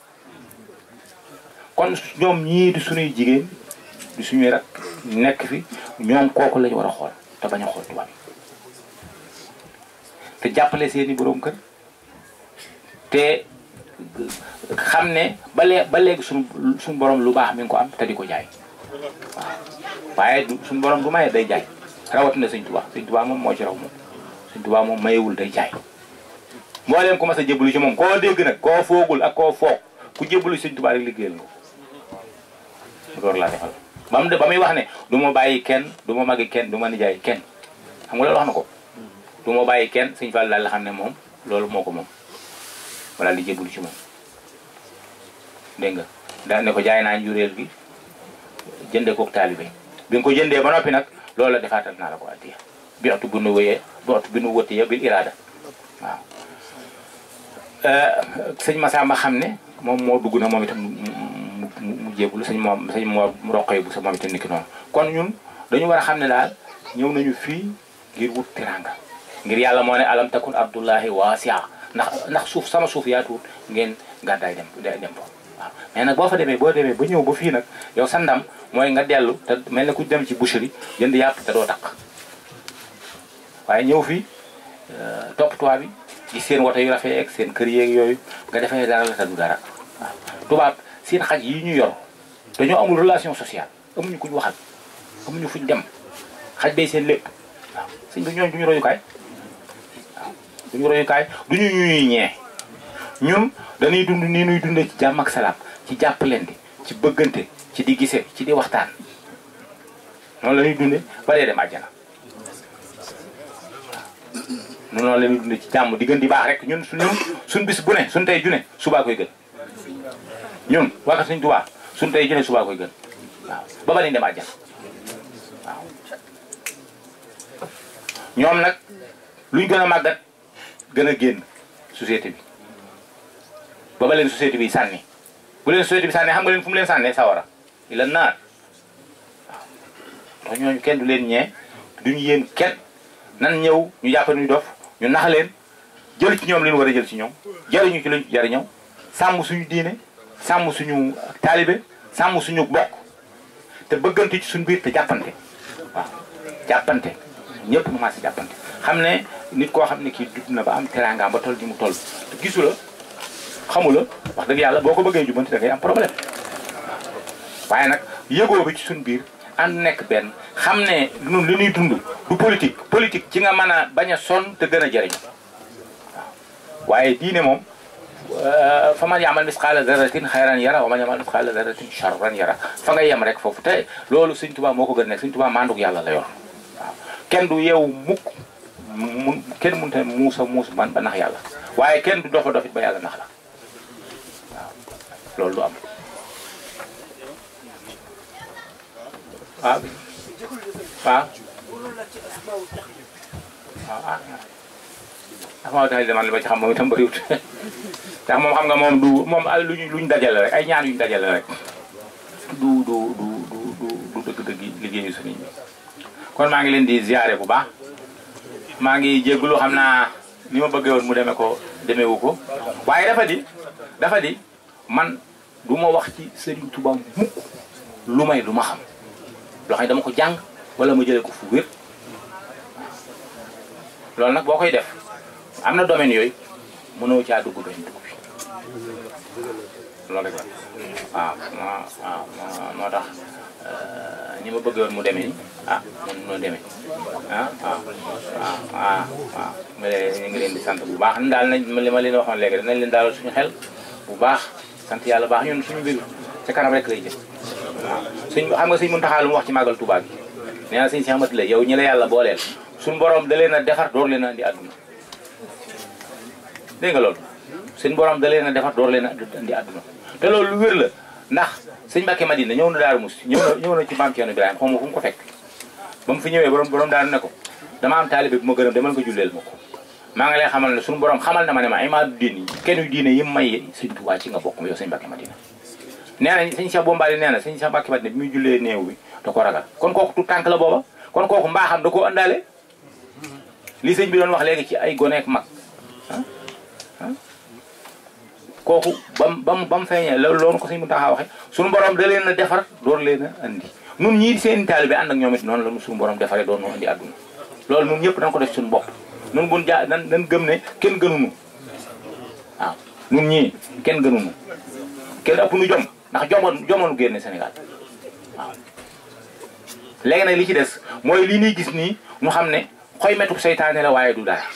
kon ñoom ñii di sunuy jigéen di suñuy rak nekk fi ñoom kooku lañu war a xool te bañ a xool tubaab te jàppale seeni boroom kër te xam ne ba léegi ba léegi suñ suñu borom lu baax mi ngi ko am te di ko jaay waaye suñu borom du maye day jaay rawatina sëñ Tuubaa sëñ Tuubaa moom moo ci raw moom sëñ Tuubaa mayewul day jaay mbooleem ku mas a jébbalu ci moom koo dégg nag koo foogul ak koo foog ku jébbalu sëñ Tuubaa rek liggéeyal nga laa defal ba de ba muy wax ne du ma bàyyi kenn du ma magi kenn du ma nijaay kenn xam nga loolu wax na ko du bàyyi kenn sëñ Fall laal la xam ne moom loolu moo ko moom wala li jébbalu ci moom dégg nga daal ne ko jaay naa njuréel gi jënde kook taalibe bi nga ko jëndee ba noppi nag loolu la defaatal naa la ko addiya bi atu bu nu wëyee bi atu bu nu wëttee bil iraada waaw eh, sëñ Massamba xam ne moom moo dugg na moom itam mu jéegul sëñ moom sëñ moom roqoy bu sa moom itam niki noonu kon ñun dañu war a xam ne daal ñëw nañu fii ngir wut tiranga ngir yàlla moo ne alam takun abdullahi waasia ndax ndax suuf sama suuf yaatuwut ngeen gàddaay dem dem waaw mais nag boo fa demee boo demee ba ñëw ba fii nag yow sa ndam mooy nga dellu te mel ne ku dem ci boucherie jënd yàpp te doo takk waaye ñëw fi euh, topp tubaab bi seen woto yu rafet ak seen kër yeeg yooyu nga defee dara la te du dara yi ñu yor dañoo amul relation sociale amuñu ku ñu waxal amuñu fuñ dem xaj day seen lépp waaw sëñ bi duñu royukaay duñu royukaay duñu ñuy ñee ñun dañuy dund nii nuy dundee ci jàmm ak salaam ci jàpp jàppalante ci bëggante ci di gisee ci di waxtaan noonu la ñuy dundee ba dee dem àjjana noonu la ñuy dundee ci jàmm di gën di baax rek ñun su suñ bis bu ne suñ tey ju su subaa koy gën ñun waa suñ tubaa suñ tey ju su subaa koy gën waaw ba ba dañ dem àjjana ñoom nag luñ gën a màggat gën a génn société bi ba ba leen société bi sànni bu leen société bi sànni xam nga leen fu mu leen sànnee sawara i la naar waaw ñooñu kenn du leen ñee duñu yéen kenn nan ñëw ñu jàpp ñu dof ñu nax leen jël ci ñoom leen war a jël ci ñoom jariñu ci luñ sàmm suñu diine sàmm suñu taalibe sàmm suñu bokk te bëggante ci suñu biir te jàppante waaw jàppante ñëpp ñu ma si jàppante xam ne nit koo xam ne kii dund na ba am teraangaam ba toll di mu toll te gisu xamula wax dëgg yàlla boo ko bëggee jubanti da ngay am problème waaye nag yëgoo bi ci suñ biir ànd nekk benn xam ne nun li ñuy dund du politique politique ci nga mën a bañ a sonn te gën a jëriñ waaw waaye diine moom euh, fa man yamal misqaala zarratin xayran yara wa man yamal misqaala zarratin yara fa nga yem rek foofu te loolu Sëñ Tuubaa moo ko gën nekk Sëñ Tuubaa manduk yàlla la yor waaw kenn du yeewu mukk mun kenn mënut a muus muus man ba nax yàlla waaye kenn du dofa dofit ba yàlla nax la loolu du am ah ah ah asmaaw tax li man li ma ci xam moom itam bëriwut ndax moom xam nga moom du moom ay luñ luñ dajale rek ay ñaan yuñ dajale rek du du du du du dëgg-dëgg liggéeyu sëriñ kon maa ngi leen di ziare bu baax maa ngi jégalu xam naa ni ma bëggee woon mu demee ko demeewu ko waaye dafa di dafa di man du ma wax ci Serigne Touba mukk lu may lu ma xam loo xam ne dama ko jàng wala ma jële ko fu wér loolu nag boo koy def am na domaine yooyu mënoo caa dugg domaine dugg bi loolu rek ah, ah, moo tax euh, ñi ma bëggoon mu demee ah man noo demee ah waaw ah, waaw waaw ma leen ñu leen di sant bu baax daal nañ li ma leen waxoon léegi nañ leen daal suñu xel bu baax sant yàlla baax ñun suñu mbir ca kanam rek lay jëm waaw suñ xam nga suñ mën taxaa lu mu wax ci màggal tubaab yi nee na suñ si xamati la yow ñi la yàlla booleel suñ borom da leen a defar door leen a andi àdduna nga loolu suñ borom da leen a defar door leen a andi àdduna te loolu lu wér la ndax sëñ Mbàkke Madina ñëw na Daaru Musti ñëw na ñëw na ci maam Ceerno Ibrahima xaw ma fu ko fekk ba mu fi ñëwee borom borom daaru ne ko dama am taalibe bu ma gërëm demal ko julleel ma ko maa ngi lay xamal na suñu borom xamal na ma ne ma maa diin kenn diine yi may sëñ Tuubaa ci nga bokk yow sëñ Mbàkke Madina nee na sëñ Cheikh Bombali nee na sëñ Cheikh Mbàkke Madina bi muy jullee néew bi da ko ragal kon kooku tu tànk la booba kon kooku mbaaxam da koo àndaale li sëñ bi doon wax léegi ci ay goneek mag ah, ah. kooku bam bam ba mu feeñee loolu ko sëñ mu taxaa waxee suñu borom da leen a defar door leen a andi nun ñii seen taalibe ànd ak ñoom it noonu la suñu borom defaree doon nu andi àdduna loolu nun ñëpp dañ ko def suñu bopp nun buñ jaa nan gëm ne kenn gënuñu waaw nun ñii kenn gënuñu kenn ëpp nu jom ndax jomoon jomoonu génne Sénégal waaw léegi nag li ci des mooy lii ñuy gis nii ñu xam ne xoy metu seytaane la waaye du dara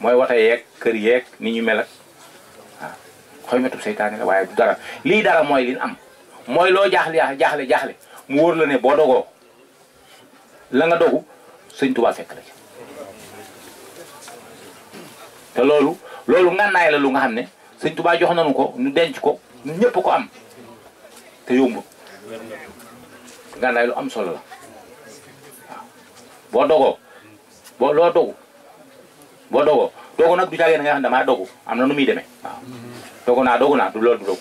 mooy wata yeeg kër yeeg ni ñu mel ak waaw xoy metu seytaane waaye du dara lii dara mooy li am mooy loo jaaxle jaaxle jaaxle mu wóor la ne boo dogoo la nga dogu sëñ Tuubaa fekk la te loolu loolu ngànnaay la lu nga xam ne sëñ tubaa jox nañu ko ñu denc ko ñun ñëpp ko am te yomb ngànnaay lu am solo boo dogoo boo loo dogu boo dogoo dogu nag du caagee na nga xam damaa dogu am na nu muy deme waaw naa dogu naa du loolu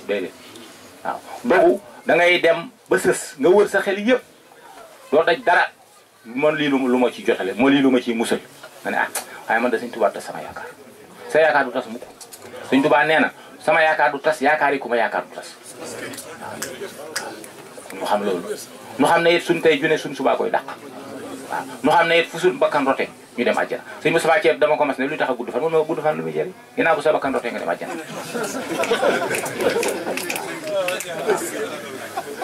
dem ba sës nga wër sa xel yëpp doo daj dara man lii lu ma ci jotale moo lii lu ma ciy musal ma ne ah waaye man da Sëñ Tuubaa tas sama yaakaar sa yaakaar du tas mukk Sëñ Tuubaa nee na sama yaakaar du tas yaakaar yi ku ma yaakaar du tas waaw nu xam loolu nu xam ne it suñ tey junee suñ subaa koy dàq waaw nu xam ne it fu suñ bakkan rote ñu dem àjjana sëñ Moussa Thiel dama ko mas ne lu tax a gudd fan mun na gudd fan lu muy jëriñ ginnaaw bu sa bakkan rote nga dem àjjana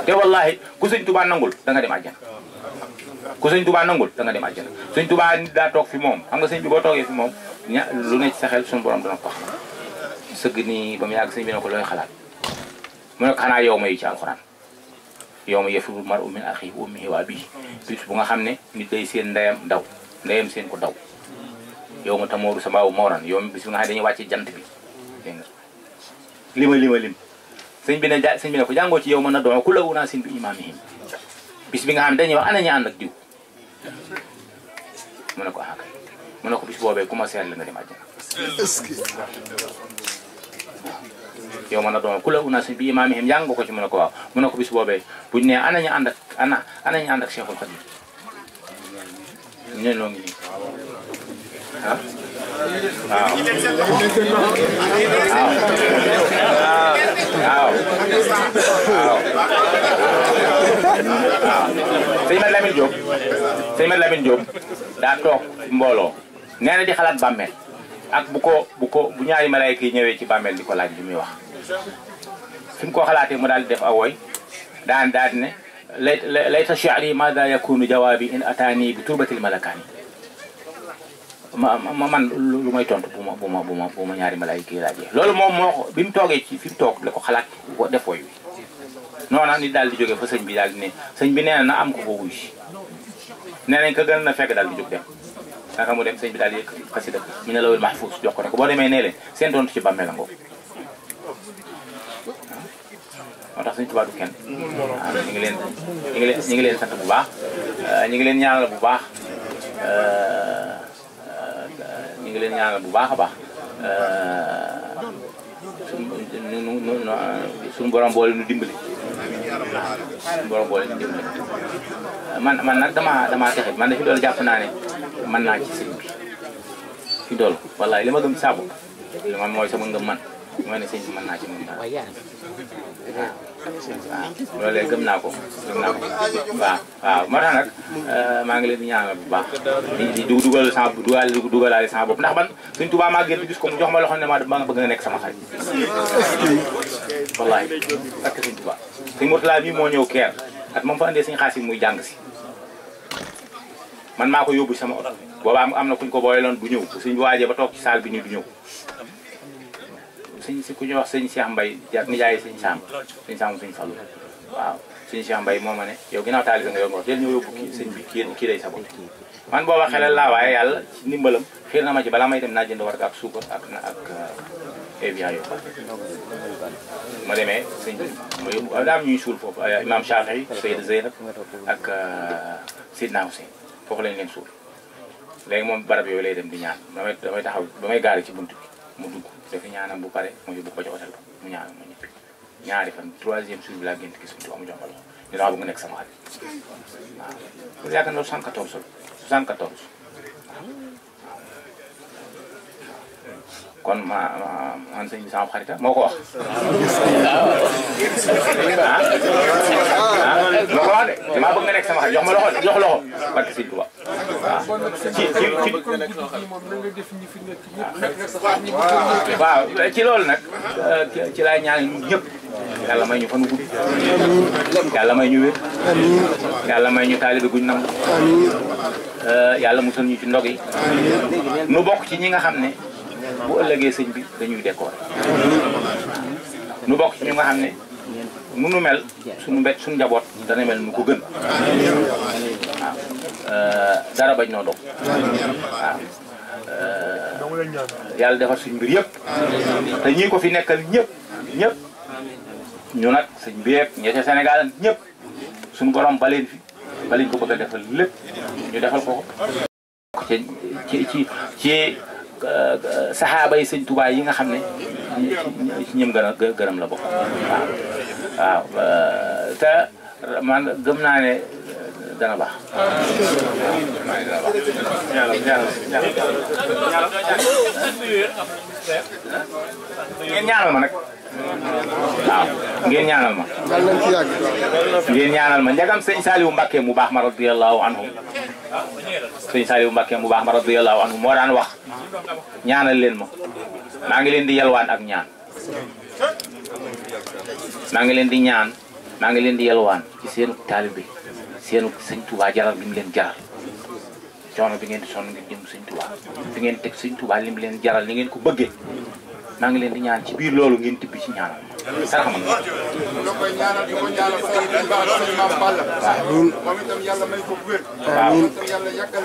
te wallahi ku sëñ Tuubaa nangul da nga dem àjjana ku sëñ Tuubaa nangul da nga dem àjjana sëñ Tuubaa nit daa toog fi moom xam nga sëñ bi boo toogee fi moom ña lu ne ci sa xel suñu borom dana ko xam sëgg nii ba mu yàgg sëñ bi ne ko looy ma yi yow ma yafirru mar'u min axiihi wa bu nga xam ne nit day seen ndeyam daw ndeyam seen ko daw yow ma tamooru sama wu mooran yow bis bu nga jant bi dégg nga ne ko jàngoo ci yow ma na doon ku la wunaa sin bi imaamihim bis bi nga xam ne dañuy wax ana ñaan ak diw mu ne ko ah kay mu ne ko bis boobee commencé la nga dem àjjana. est-ce que. yow mën na ku la unas bi imaamihim jàng ko ci mu ne ko waaw mu ne ko bis boobee buñ ne ana ñu ànd ak ana ana ñu ànd ak Cheikhul Khadim sëñ Mame Lamine Diop sëñ Mame Lamine Diop daa toog mbooloo nee di xalaat bàmmeel ak bu ko bu ko bu ñaari malayka yi ñëwee ci bàmmeel di ko laaj muy wax fi mu ko xalaatee mu daal di def awooy daan daal ne layta layta shi'ri maada yakunu jawaabi in ataani bi turbatil malakaani ma ma man lu may tont bu ma bu ma bu ma bu ma ñaari malaay kii laajee loolu moom moo ko bi mu toogee ci fi mu toog la ko xalaat ko def woy wi noona ni daal di jóge fa sëñ bi daal di ne sëñ bi nee na am ko fa wuy nee nañ ko gën na fekk daal di jóg dem naka mu dem sëñ bi daal di xasida mi ne lawul mahfuus jox ko ne ko boo demee nee leen seen tontu ci bàmmeel la ngoog moo tax sëñ Tuubaa kenn ah, ngi leen ñu ngi leen ñu ngi leen sant bu baax ah, ñu ngi leen ñaanal bu baax ah, ñu ngi leen ñaanal bu baax a baax euh, suñu borom boole nu dimbali waaw suñu borom boole nu dimbali man man nag damaa damaa texe man na fi dool jàpp naa ne man naa ci sëñ bi fi dool wallaay li ma gëm saabu li man mooy sama ngëm man mooy ne sëñ bi mën naa ci moom daal waaw loolee gëm naa ko gëm naa ko waaw waaw moo tax nag euh, maa ngi leen di ñaanal bu baax di di dugal sama dugal dugalaale sama bopp ndax man suñ tubaab maa génn gis ko mu jox ma loxo ne ma nga bëgg nga nekk sama xarit wallaahi ak suñ tubaab suñ Murtala bii moo ñëw keer at moom fa andee suñ xaas yi muy jàng si man maa ko yóbbu sama oto boobaa am na kuñ ko booyaloon bu ñëw suñ waajee ba toog ci saal bi nii du ñëw sëñ si ku ñuy wax sëñ Cheikh Mbaye ja jaay sëñ Sam sëñ Sam sëñ Fallou waaw sëñ Cheikh Mbaye moo ma ne yow ginnaaw taali nga yor ngor del ñëw yóbbu kii sëñ bi kii kii day sabot man booba xelal laa waaye yàlla ci ndimbalam xiir na ma ci balaa may dem naa jënd warga ak suukar ak ak évian yo ma demee sëñ bi ma yóbbu daam ñuy suul foofu imam Chafi Seyd Zeynab ak Sidna Hussein foofu lañ leen suul léegi moom barab yooyu lay dem di ñaan damay damay taxaw damay gaari ci bunt ki mu dugg dafa ñaanal bu pare mu bu ko ci hôtel mu ñaanal ma ñibbi ñaari fan troisième jour bi laa gént gis mu jox ma loxo ñu damaa bëgg nekk sama xarit waaw. loolu yaakaar naa 74 74 waaw. kon ma man sëñ bi sama xarita moo ko wax. ah moo ko de damaa bëgg nga nekk sama xarit jox ma loxo jox loxo barke sëñ Tuba waaw ci ci ci waaw ci loolu nag ci laay ñaan ñëpp yàlla may ñu fan gudd yàlla may ñu wér yàlla may ñu taalibe guñ nam yàlla musal ñu ci ndog nu bokk ci ñi nga xam ne bu ëllëgee sëñ bi dañuy nu bokk ñu nga xam ne nu mel suñu mbé suñu njaboot dana mel nu ko gën waaw yàlla defar suñu mbir te ñi ko fi nekkal ñëpp ñëpp ñu nag sëñ bi yëpp ñi ca Sénégal ñëpp suñu borom baleen fi baleen ko bëgg defal lépp ñu defal ko ko ci ci ci saxaaba yi sëñ Tuubaa yi nga xam ne ci ñim gën a gërëm la bokk waaw waaw te man gëm naa ne dana ah, ngeen ñaanal ma nag. ngeen ñaanal ma. ngeen ñaanal ma njagam sëñ Saliou Mbacke mu baax ma radiyallahu anhum sëñ Saliou Mbacke mu baax ma radiyallahu anhum moo daan wax ñaanal leen ma maa ngi leen di yalwaan ak ñaan. maa ngi leen di ñaan maa ngi leen di yalwaan ci seen taalibe bi. seen sëñ Touba jaral li mu leen jaral coono bi ngeen di sonn ngir jëm sëñ Touba fi ngeen teg sëñ Touba li leen jaral ni ngeen ko bëggee maa ngi leen di ñaan ci biir loolu ngeen tibbi ci ñaanal sarax ma lo koy ñaanal di ko ñaanal sëñ yàlla may ko wér amiin itam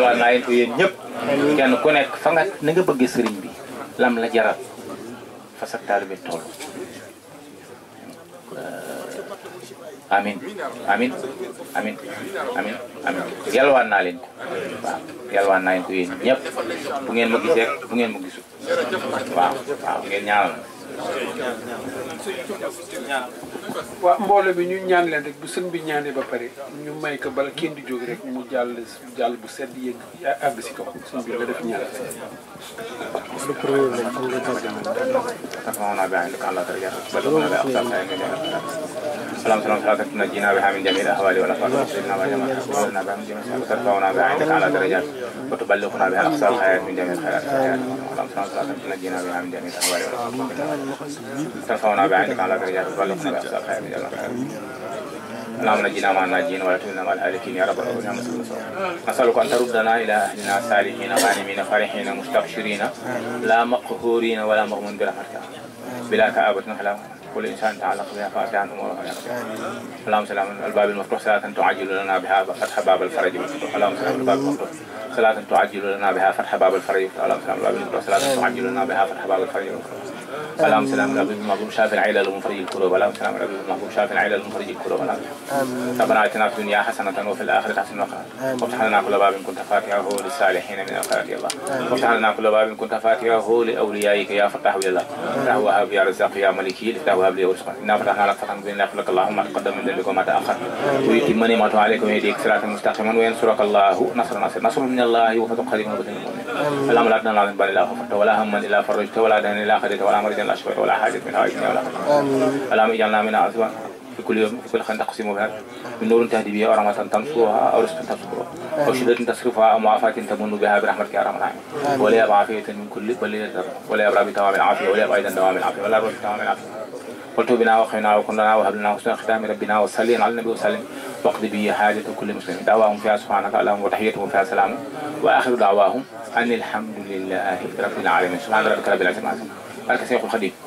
naa leen ko yéen ñëpp kenn ku nekk fa nga na nga bëggee sëriñ bi lam la jaral fa sa taalibe tool amin amin amin amin amin yalwaan naa leen ko waaw yalwaan naa leen ko yéen ñëpp bu ngeen ma bu ngeen ma gisu waaw ngeen ñaanal waaw mbooloo bi ñu ñaan leen rek bu sën bi ñaanee ba pare ñu may ko bala kenn di jóg rek mu jàll jàll bu sedd yëg àgg si kaw sën bi la def ñaan. اللهم صل وسلم تنجينا بها من جميع الاهوال والافات وتسلمنا بها من جميع السعادات وترفعنا بها عندك على درجات وتبلغنا بها اقصى الحياه من جميع الخيرات samsonsa na ginnaaw bi nga xamante ne dafa bari woon te faw naa bi andi kan la kër yàlla wala na bi sa xayma yàlla xayma اللهم نجينا مع الناجين ولا مع الهالكين يا رب العالمين نسألك أن تردنا إلى أهلنا صالحين غانمين فرحين مستبشرين لا مقهورين ولا مغمون برحمتك بلاك أبد نحلم كل إنسان تعلق بها فاتحا أموره اللهم سلام الباب المفتوح صلاة تعجل لنا بها فتح باب الفرج والفتوح اللهم سلام الباب المفتوح صلاة تعجل لنا بها فتح باب الفرج اللهم سلام الباب المفتوح صلاة تعجل لنا بها فتح باب الفرج والفتوح اللهم سلام رب المغفور شاف العيلة المفرج الكروب اللهم سلام رب المغفور شاف العيلة المفرج الكروب اللهم ربنا اتنا في الدنيا حسنة وفي الآخرة حسنة وافتح لنا كل باب كنت فاتحه للصالحين من الخيرات يا الله وافتح لنا كل باب كنت فاتحه لأوليائك يا فتاح يا الله افتح وهب يا رزاق يا ملكي افتح وهب لي ورزقا إنا فتحنا لك فتحا بإذن لك اللهم ما تقدم من ذنبك وما تأخر ويتم نعمته عليك ويهديك صراطا مستقيما وينصرك الله نصر نصر نصر من الله وفتح خير من المؤمنين اللهم لا تدع لنا من بال إلا غفرته ولا هما إلا فرجته ولا دهن إلا خديته ولا مريضا لنا شوي ولا حاجة من هاي الدنيا ولا حاجة اللهم اجعلنا من أعزوان في كل يوم في كل خير تقسم بها من نور تهدي بها ورحمة تنصرها أو رزق تبصرها أو شدة تصرفها أو معافاة تمن بها برحمتك يا أرحم الراحمين ولا بعافية من كل بل ولا يبرأ بتمام العافية ولا يبقى أيضا دوام العافية ولا يبقى بتمام العافية قلت بنا وخينا وكنا وهب لنا حسن ختام ربنا وصلي على النبي وسلم واقض به حاجة كل مسلم دعواهم فيها سبحانك اللهم وتحيتهم فيها سلام وآخر دعواهم أن الحمد لله رب العالمين سبحان ربك رب العزة barke Seexul Xadiim